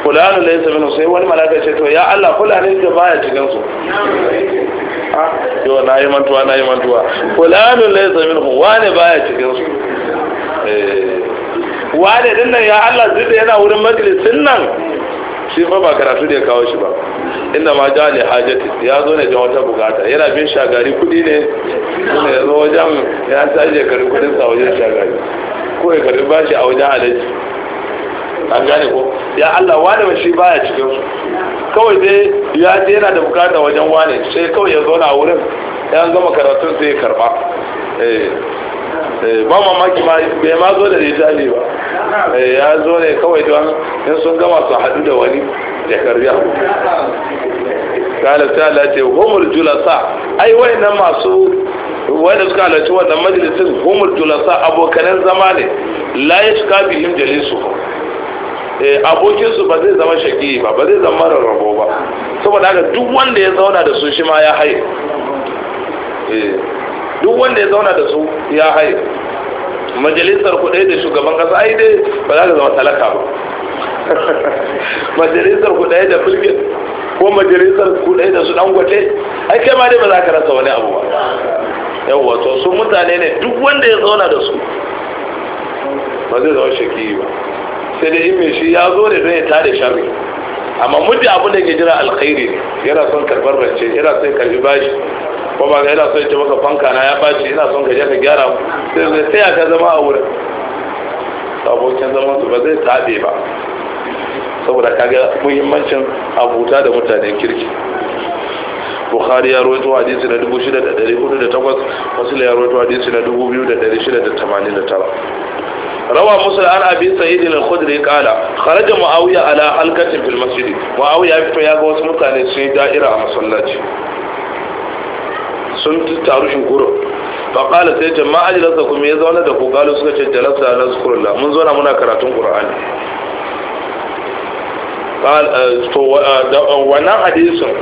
fulanu laysa minhu sai wani malaika ya ce to ya Allah fulani da baya cikin su yau na yi mantuwa na yi mantuwa fulanu laysa minhu wani baya cikin su eh. wane din dinnan ya Allah zai yana wurin majalisin nan shi ma ba karatu da ya kawo shi ba inda ma ja ne hajjati ya zo ne jan wata bukata yana bin shagari kudi ne kuma ya zo wajen ya tashi ya karbi kudin sa wajen shagari ko ya ba bashi a wajen alaji an gane ko ya Allah wani shi ya cikin su kawai dai ya ce yana da bukata wajen wani sai kawai ya zauna a wurin ya zama karatun sai ya karba eh. Eh, ba mamaki bai ma zo da ne ba eh, ya zo ne kawai don in sun gama su haɗu da wani da karbi abu kala ta lati humul julasa ai wai nan masu da suka halarci wannan majalisin humul julasa abokanen zama ne la yashka bihim jalisu eh, abokinsu ba zai zama shaki ba ba zai zama mara rabo ba saboda haka duk wanda ya zauna da su shi ma ya haye duk wanda ya zauna da su ya haihu majalisar kuɗai da shugaban kasa ai dai ba za ka zama talaka ba <laughs> majalisar kuɗai da filgin ko majalisar kuɗai da su dangote ai kai ma dai ba za ka rasa wani abu ba yawwa to su mutane ne duk wanda ya zauna da su ba zai zama shaki ba sai dai in shi ya zo ne don ya tare sharri amma muddin abin da ke jira alkhairi ne yana son karbar rance yana son karbi bashi ko ba yana son ce maka fanka na ya bashi yana son gaje ka gyara sai zai taya ka zama a wurin abokin zaman su ba zai tabe ba saboda kaga muhimmancin abuta da mutanen kirki bukhari ya rawaito hadisi na 6408 muslim ya rawaito hadisi na 2689 rawa مسلم an ابي سعيد الخدري قال خرج معاويه على ala في المسجد معاويه ya fito ya ga wasu mutane sun yi da'ira a masallaci sun taru shi guro fa qala sai ce ma ajlasa kum ya zauna da ku qalu suka ce jalasa na zikrullah mun zauna muna karatun qur'ani qal to wannan hadisin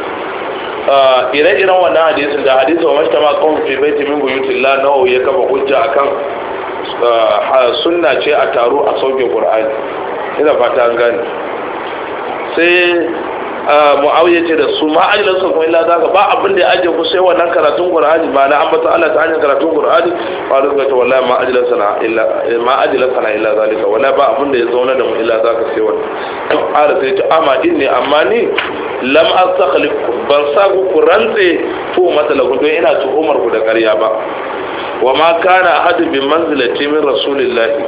Uh, ire-iren wannan hadisin da hadisin wa mashtama qawm fi baiti min buyutillah nawawi ya kafa hujja akan uh, suna ce a taru a sauke qur'ani ina fata an gani sai uh, muawiya ce da su ma ajiyar su kuma illa zaka ba abin da ya ajiye ku sai wannan karatun qur'ani ba na ambata Allah ta hanyar karatun qur'ani ba da zaka wallahi ma ajilan sana illa eh, ma ajiyar sana illa zalika wala ba abin da ya zauna da mu illa zaka sai wannan to ara sai ta amma din ne amma ni lam astakhlif ban sa ku rantse to matalaku don ina tuhumar ku da ƙarya ba wa ma kana hadu bi manzilati min rasulillahi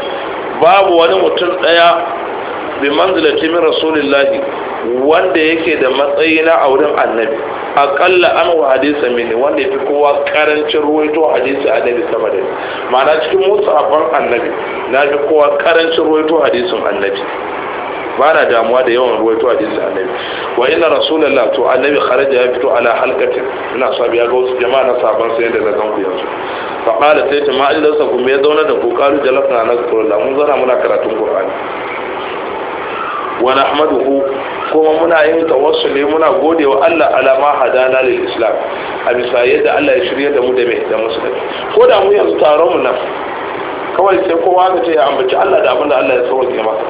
babu wani mutum daya bi manzilati min rasulillahi wanda yake da matsayi na auren annabi Aƙalla an wa hadisa mini wanda fi kowa karancin ruwaito hadisi annabi sama da ma'ana cikin musafan annabi na fi kowa karancin ruwaito hadisin annabi ba na damuwa da yawan ruwaito hadisi annabi wa ina rasulallah to annabi kharaja ya fito ala halqatin ina sabi ya ga wasu jama'a na sabon sai da zan ku yanzu fa qala sai ta ma sa ku me zauna da ku kalu jalasna na qur'an mun zana muna karatun qur'ani wa nahmaduhu kuma muna yin tawassuli muna gode wa Allah alama hadana lil islam a bisa yadda Allah ya shirya da mu da mai da musulmi ko da mu yanzu taron mu nan kawai sai kowa ka ce ya ambaci Allah da abin da Allah ya sauke masa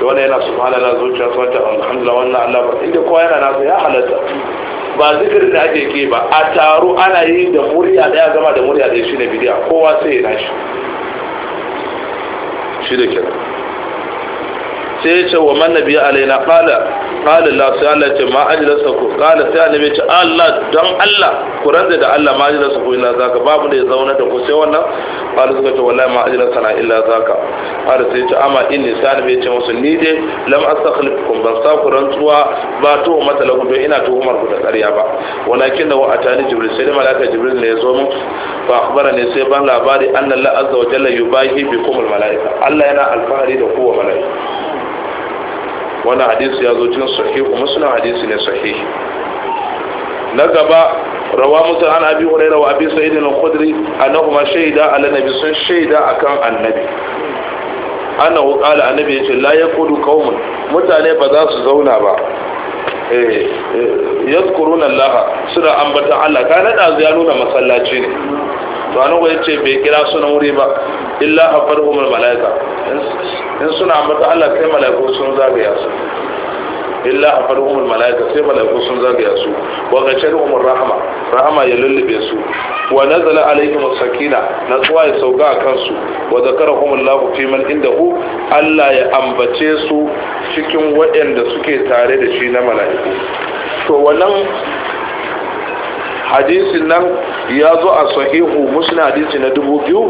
da wani yana na zuciya su wata alhamdulillah wannan Allah ba inda kowa yana nasu ya halatta ba zikirin da ake ke ba a taru ana yi da murya daya zama da murya daya shine bidiya kowa sai ya nashi shi da kenan sai ce wa man nabi alaina qala qala Allah sai Allah ce ma ajlasaku qala sai annabi ce Allah don Allah ku randa da Allah ma ajlasaku illa zaka babu da ya zauna da ku sai wannan qala suka ce wallahi ma na illa zaka qala sai ce amma inni sai annabi ce musu ni dai lam astakhlifukum ban sa ku rantsuwa ba to mata lahu don ina tuhumar ku da ƙarya ba walakin da wa atani jibril sai malaka jibril ne ya zo mun fa akhbarani sai ban labari anna azza wa jalla yubahi bikum al Allah yana alfahari da kowa malaika Wani hadisi ya zo cikin sahihu muslim hadisi ne sahihi na gaba rawa musul an abi hurairah abin abi na al-khudri annahuma shaida ala nabi sun shaida a kan annabi annahu qala annabi yace la yaqulu qaumun mutane ba za su zauna ba eh, eh yadhkuruna Allah sura ambata Allah kana da ya nuna masallaci ne to anan ya ce bai kira sunan wuri ba illa hafarhum al-malaika in suna mata Allah sai mala'iku sun zagaya su illa umar mala'ika sai mala'iku sun zagaya su wa gacharhumur rahma rahama ya lullube su wa nazala musakina sakina natsuwa ya sauka a kansu wa lafi fiman inda hu Allah ya ambace su cikin waɗanda suke tare da shi na mala'iku to wannan hadisin nan ya zo a sahihu muslim hadisi na dubu biyu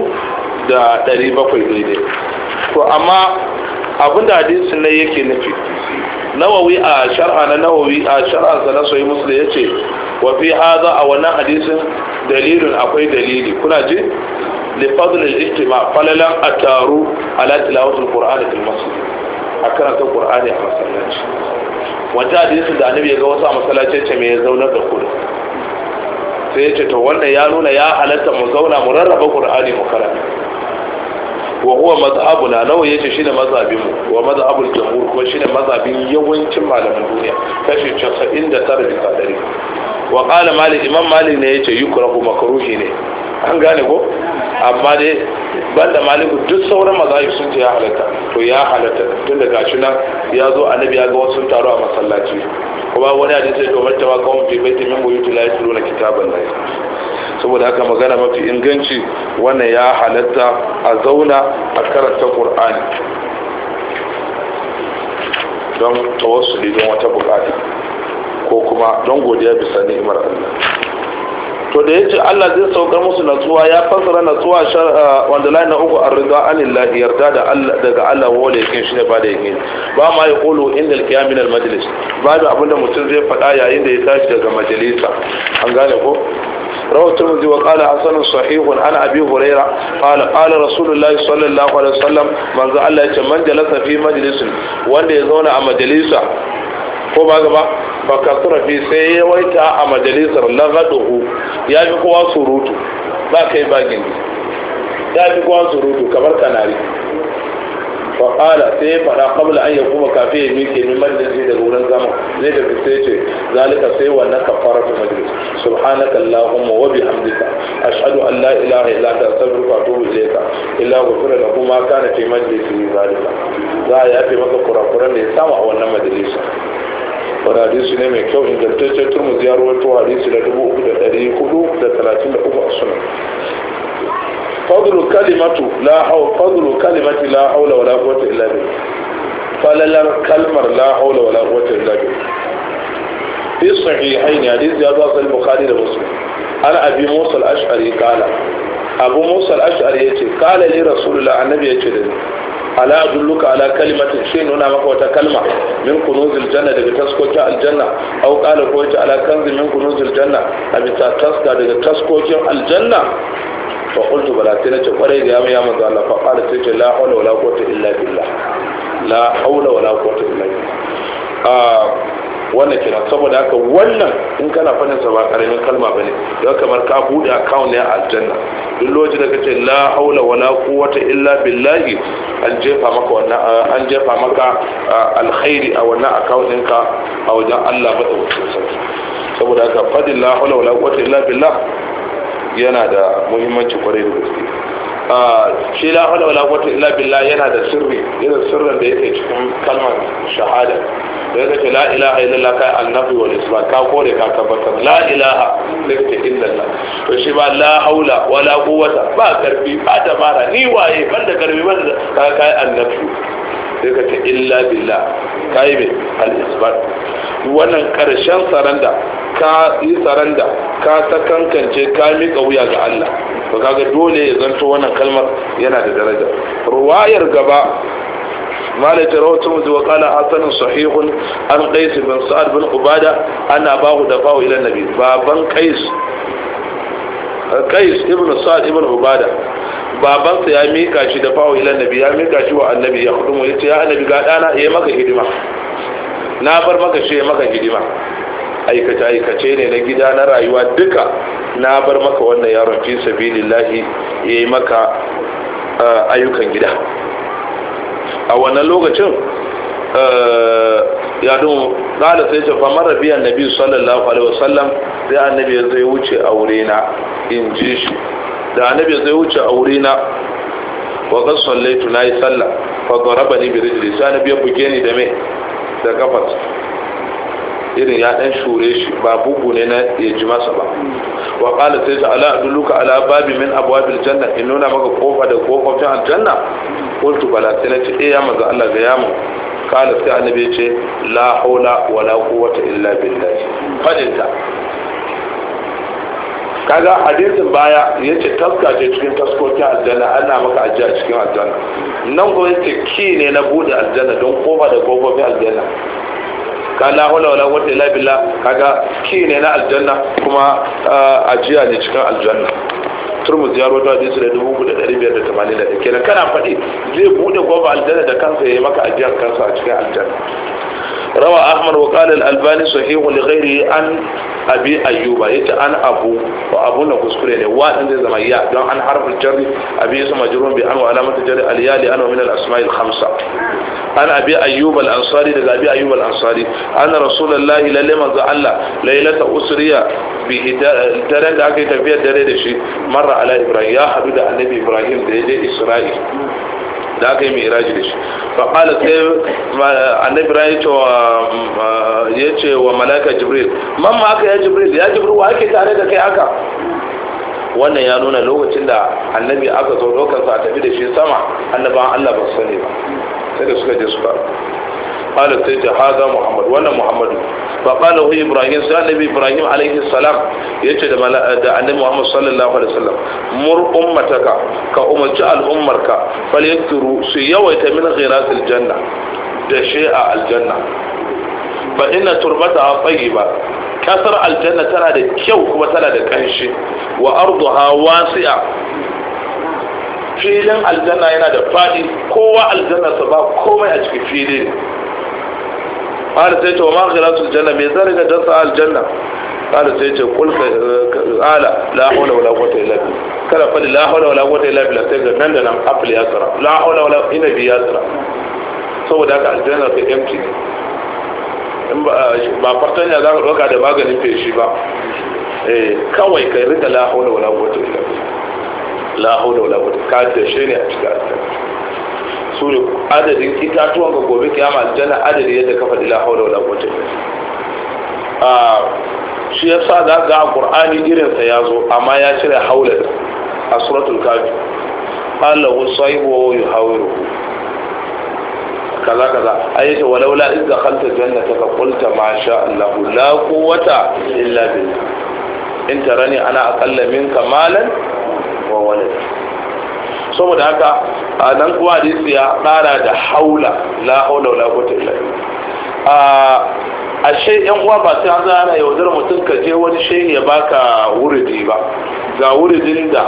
2700 daidai to amma abinda hadisin ne yake nufi nawawi a shar'a na nawawi a shar'a sa na sahih muslim yace wa fi hada a wannan hadisin dalilin akwai dalili kuna ji li fadl al-ijtima falalan ataru ala tilawati al-qur'an fil masjid a karanta qur'ani a masallaci wata hadisi da annabi ya ga wasu a masallaci ce me ya zauna da kudu sai ya ce to wannan ya nuna ya halatta mu zauna mu rarraba qur'ani mu karanta wa huwa na nawa yace shine mazhabin mu wa mazhabul jumhur ko shine mazhabin yawancin malaman duniya kashi 99 bisa dari wa qala malik imam malik ne yace yukrahu makruhi ne an gane ko amma dai banda malik duk sauran mazhabi sun ce ya halatta to ya halatta tun da gashi nan ya zo annabi ya ga wasu taro a masallaci kuma wani hadisi ya ce wa martaba qawm fi baiti min yutu la yatluna kitaban lahi saboda haka magana mafi inganci wannan ya halatta a zauna a karanta qur'ani don tawassuli don wata bukata ko kuma don godiya bisa ni'imar Allah to da yace Allah zai saukar musu natsuwa ya fassara natsuwa wanda lai na uku arriga anillah yarda da Allah daga Allah wala yakin shine ba da yakin ba ma ya qulu inda al-qiyam min al-majlis ba da abinda mutum zai faɗa yayin da ya tashi daga majalisa an gane ko رواه الترمذي وقال حسن صحيح عن ابي هريره قال قال رسول الله صلى الله عليه وسلم من ذا الله من جلس في مجلس وند يزون على مجلسه ko ba gaba ba kasura fi sai ya waita a majalisar lagaduhu ya fi kowa surutu ba kai ba gindi ya fi kowa surutu kamar kanari faƙala sai ya faɗa kabla an ya kuma kafin ya miƙe min majalisi da wurin zama zai tafi sai ce zalika sai wannan kafara ta majalis subhanaka allahumma wa bihamdika ashhadu an la ilaha illa anta astaghfiruka wa atubu ilayka illa ghufira lahu ma kana fi majalisi zalika za a yafe maka kurakuran ne ya samu a wannan majalisa wani hadisi ne mai kyau ingantaccen turmuzi ya ruwaito hadisi na dubu uku da da da hudu talatin uku a sunan fadlu kalimatu la haw fadlu kalimati la hawla wala quwwata illa billah falalar kalmar la hawla wala quwwata illa billah fi sahihain hadith ya zuwa sahih bukhari da muslim an abi musa al-ash'ari qala abu musa al-ash'ari yace qala li rasulullah annabi yace da ala adulluka ala kalimatin shi nuna maka wata kalma min kunuzil janna daga taskokin aljanna au qala ko yace ala kanzi min kunuzil janna a ta taska daga taskokin aljanna fa qultu bala sai nace kwarai ga ya manzo Allah fa qala sai ce la hawla wala quwwata illa billah la hawla wala quwwata illa billah wannan kenan saboda haka wannan in kana fadin sa ba karamin kalma bane don kamar ka bude account ne a aljanna duk lokacin da kace la haula wala quwwata illa billahi an jefa maka wannan an jefa maka alkhairi a wannan account ɗinka a wajen Allah ba da wasu saboda haka fadin la haula wala quwwata illa billah yana da muhimmanci kwarai da gaske shi la hawla wala quwwata illa billah yana da sirri yana sirrin da yake cikin kalmar shahada da yake ce la ilaha illallah kai annabi wal islam ka kore ka tabbatar la ilaha illa illallah to shi ba la haula wala quwwata ba karfi ba dabara ni waye banda karfi banda kai annabi sai ka ce illa billah ka yi mai al'isbar wannan karshen saranda ka yi saranda ka ta kankance ka miƙa wuya ga Allah to kaga dole ya zanto wannan kalmar yana da daraja ruwayar gaba مالك رواه ترمذي وقال حسن صحيح عن قيس بن سعد بن عبادة أن أباه دفعه إلى النبي بابا قيس قيس ابن سعد ابن عبادة babansa ya mika shi da fawo ila nabi ya mika shi wa annabi ya hudu ya ce ya annabi ga dana ya maka hidima na bar maka shi ya maka hidima aikace aikace ne na gida na rayuwa duka na bar maka wannan yaron fi sabilillahi ya yi maka ayyukan gida a wannan lokacin ya dun kala sai ta fama rabiyan annabi sallallahu alaihi wasallam sai annabi ya zai wuce aure na in ji shi da annabi zai wuce a wuri na wa ga sallaitu nayi sallah fa ni bi rijli sai annabi ya buge ni da me da kafas irin ya dan shure shi ba bugu ne na ya ji masa ba wa qala sai ta ala adulluka ala babi min abwabil janna in nuna maka kofa da kofofin aljanna qultu bala sai na ce eh ya manzo Allah ga yamu qala sai annabi ya ce la haula wala quwwata illa billah fa kaga hadisin baya ya ce taska ce cikin taskokin aljanna ana maka ajiya cikin aljanna nan kuma yace ki ne na bude aljanna don kofa da kofofin aljanna ka la hawla wala wata illa billa kaga ki ne na aljanna kuma ah, ajiya ne cikin aljanna turmus ya rawaito hadisi da dubu da ɗari biyar da tamanin da ɗaya kenan kana faɗi zai buɗe kofa aljanna da kansa ya maka ajiyar kansa a cikin aljanna rawa ahmad وقال الألباني صحيح albani أن an abi ayyuba yace an abu wa abu na kuskure ne wa din zai zama ya don an harfin jarri abi yusuf majrun bi an wa alamatu jarri al ya li an wa min al asma' al khamsa an abi ayyuba al ansari daga abi ayyuba al ansari anna rasulullahi lalle manzo Allah lailata usriya bi daren da aka yi tafiyar dare da shi marra ala ibrahim ya hadu da annabi ibrahim da ya je isra'il da aka yi mai iraji da shi faƙala sai annabi ran ya ce wa malaka jibril man ma aka ya jibril ya jibril wa ake tare da kai aka wannan ya nuna lokacin da annabi aka zo lokacin a tafi da shi sama annaban allah ba su sani ba sai da suka je su ba qala sai ta hada muhammad wannan muhammad fa qala hu ibrahim sai annabi ibrahim alayhi salam yace da da annabi muhammad sallallahu alaihi wasallam mur ummataka ka umarci al'ummarka fal yakturu su yawaita min ghirasil janna da shi'a aljanna fa inna turbata tayyiba kasar aljanna tana da kyau kuma tana da kanshi wa arduha wasi'a filin aljanna yana da fadi kowa aljanna sa ba komai a cikin fili qala sai ce wa ma ghiratul janna me zarga dasa aljanna qala sai ce qul ala la hawla wala quwwata illa billah kada fa la hawla wala quwwata illa billah sai ga nan da nan afli ya tsara la hawla wala inabi ya tsara saboda haka aljanna sai empty in ba fartanya za ka roka da maganin feshi ba eh, kawai ka rika la hawla wala quwwata illa billah la hawla wala quwwata ka dashe ne a cikin aljanna su ne adadin itatuwan ga gobe kiyama aljanna adadi yadda ka faɗi la haula wala quwwata a ah, shi yasa da ga qur'ani irin sa yazo amma ya cire haula a suratul kafi qala wa sahibu yuhawiru kaza kaza ayyata walaula idza dakhalta jannata ka qulta ma sha Allah la quwwata illa billah in tarani ana aqalla minka malan wa walad saboda haka a nan kuwa hadisi ya kara da haula la haula wala quwwata illa billah ashe yan uwa ba sai an yau yaudar mutum ka je wani shehi ya baka wuridi ba ga wuridin da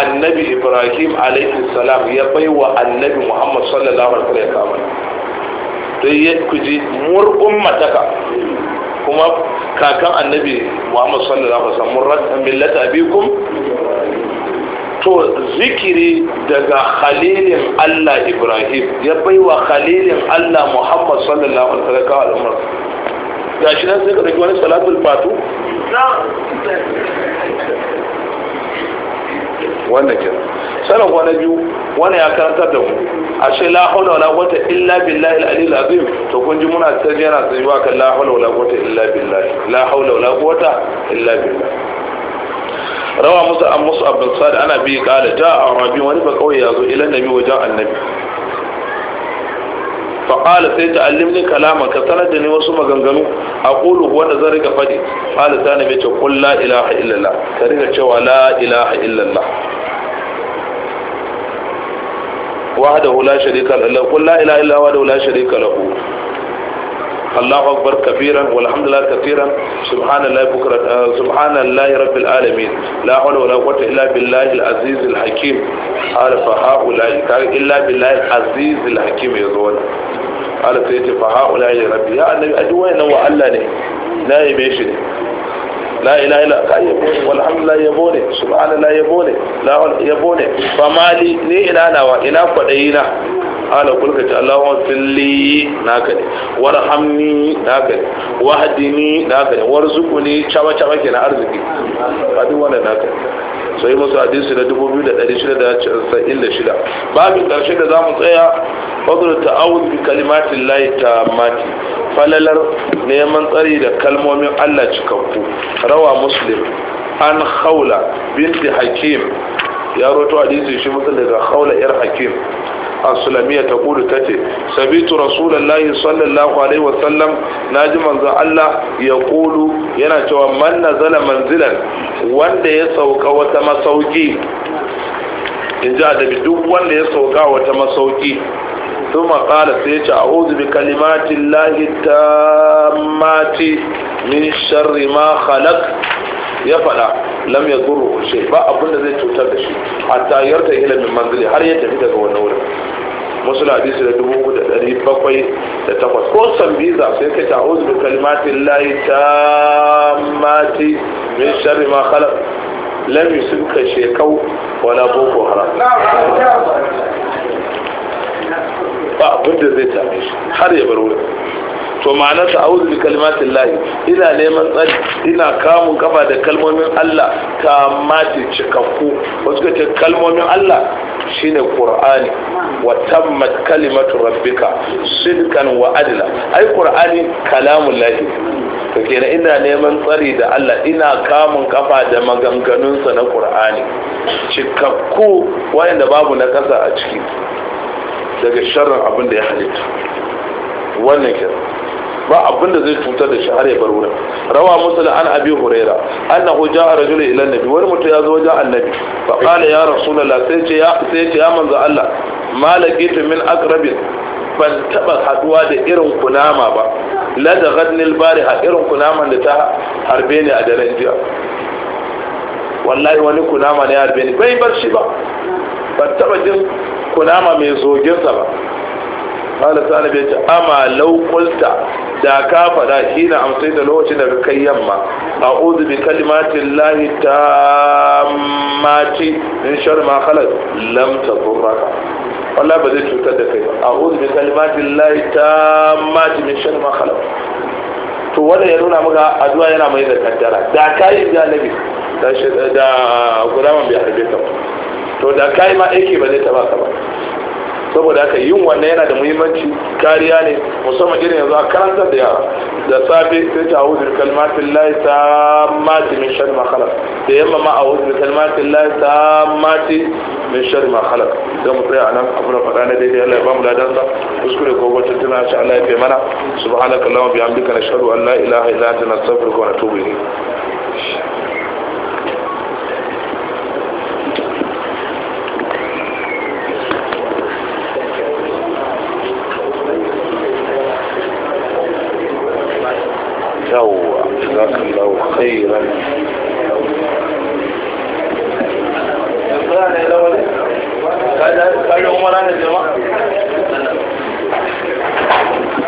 annabi ibrahim alaihi salam ya bai wa annabi muhammad sallallahu alaihi wasallam ya kama dai ya kuji murkun mataka kuma kakan annabi muhammad sallallahu alaihi wasallam millata abikum to zikiri daga khalilin Allah Ibrahim ya baiwa khalilin Allah Muhammad sallallahu alaihi wa sallam ga shi nan sai ka dauki wani salatul fatu wannan kenan Sanan wani biyu wani ya karanta da mu a ce la haula wala quwwata illa billahi al-ali azim to kun ji muna tarjiyar tsayuwa kan la haula wala quwwata illa billahi la haula wala quwwata illa billahi rawa musa an musu abin sa'ad ana biyu kala ta a rabi wani ba kawai ya zo ilan nabi wajen annabi faƙala sai ta allimni kalaman ka sanar da ni wasu maganganu a ƙulu wanda zan riga faɗi ƙala ta nabi ce kun la ilaha illallah ka riga cewa la ilaha illallah wahdahu la sharika lahu kun la ilaha illallah da la sharika lahu Allahu akbar kafiran walhamdulillah kafiran subhanallahi bukra uh, subhanallahi rabbil alamin la hawla wala quwwata illa billahi al-aziz al-hakim alfa haula illa billahi al-aziz al-hakim yazo wannan ala sai ce fa ya rabbi ya annabi addu'a nan ne na yi ne la ilaha illa ka yabo walhamdulillah yabo ne subhanallah yabo ne la yabo ne fa mali ni ina nawa ina kwadayina ala kulka ta Allahumma filli naka ne warhamni naka ne wahdini naka ne warzuqni chaba chaba kenan arziki ba duk wannan naka sai masu hadisi na 2696 babin karshe da zamu tsaya fadlu ta'awud bi kalimatin lahi tammati falalar neman tsari da kalmomin Allah cikakku rawa muslim an khawla binti hakim ya roto hadisi shi mutum daga khawla yar hakim ta sulamiyya ta ce sabitu rasulallah sallallahu alaihi wa sallam ji manzo Allah ya kulu yana cewa man nazala manzilan wanda ya sauka wata masauki in ji adabi duk wanda ya sauka wata masauki ثم قال سيجي أعوذ بكلمات الله التامات من شر ما خلق ya fada lam ya zuru shi ba abin da zai cutar da shi hatta yarta ila min manzili har ya tafi daga wannan wurin musul hadisi da dubu uku da ɗari bakwai da takwas ko san biza sai ka ta uzu bi kalimatin layi ta mati min sharri ma khala lam yusibka shekau wala boko haram ba abin da zai tafi har ya bar wurin to ma'ana ta auzu bi kalimatin lahi ina neman tsari ina kamun kafa da kalmomin Allah ta mati cikakku wasu ka ce kalmomin Allah shine qur'ani wa tammat kalimatu rabbika sidqan wa adla ai qur'ani kalamun lahi to kenan ina neman tsari da Allah ina kamun kafa da maganganunsa na qur'ani cikakku wanda babu na kasa a ciki daga sharrin abin da ya halitta wannan kenan ba abin da zai cutar da shi har ya bar wurin rawa musul an abi Hurera. annahu ja'a rajulun ila annabi wani mutum ya zo wajen annabi fa qala ya rasulullah sai ce ya sai ce ya manzo Allah malakitu min aqrabin ban taba haduwa da irin kunama ba la da gadnil bari a irin kunaman da ta harbe ni a daren jiya wallahi wani kunama ne harbe ni bai bar shi ba ban taba jin kunama mai zoginsa ba قال سالم يجي أما لو laukulta da ka faɗa na amsai da lokacin daga kai yamma a uzu bi kalimatin lahi ta mace in shar ma khalas lam ta zurraka wallahi ba zai cutar da kai ba a uzu bi kalimatin lahi ta mace in shar ma khalas to wanda ya nuna maka addu'a yana mai da kaddara da kai da nabi da gudaman bai harbe ka to da kai ma aiki ba zai taba ka ba saboda haka yin wannan yana da muhimmanci kariya ne musamman irin yanzu a karantar da yara da safe sai ta hauzu kalmatin lahi ta mati min shari makhalar da yamma ma a hauzu kalmatin lahi ta mati min shari makhalar da mu tsaya a nan abu na faɗa na daidai Allah ya bamu ladansa kuskure ko wata tana shi Allah ya fi mana subhanaka Allahumma bihamdika nashhadu an la ilaha illa anta nastaghfiruka wa natubu ilayk جزاك الله خيرا قال عمران الجماعة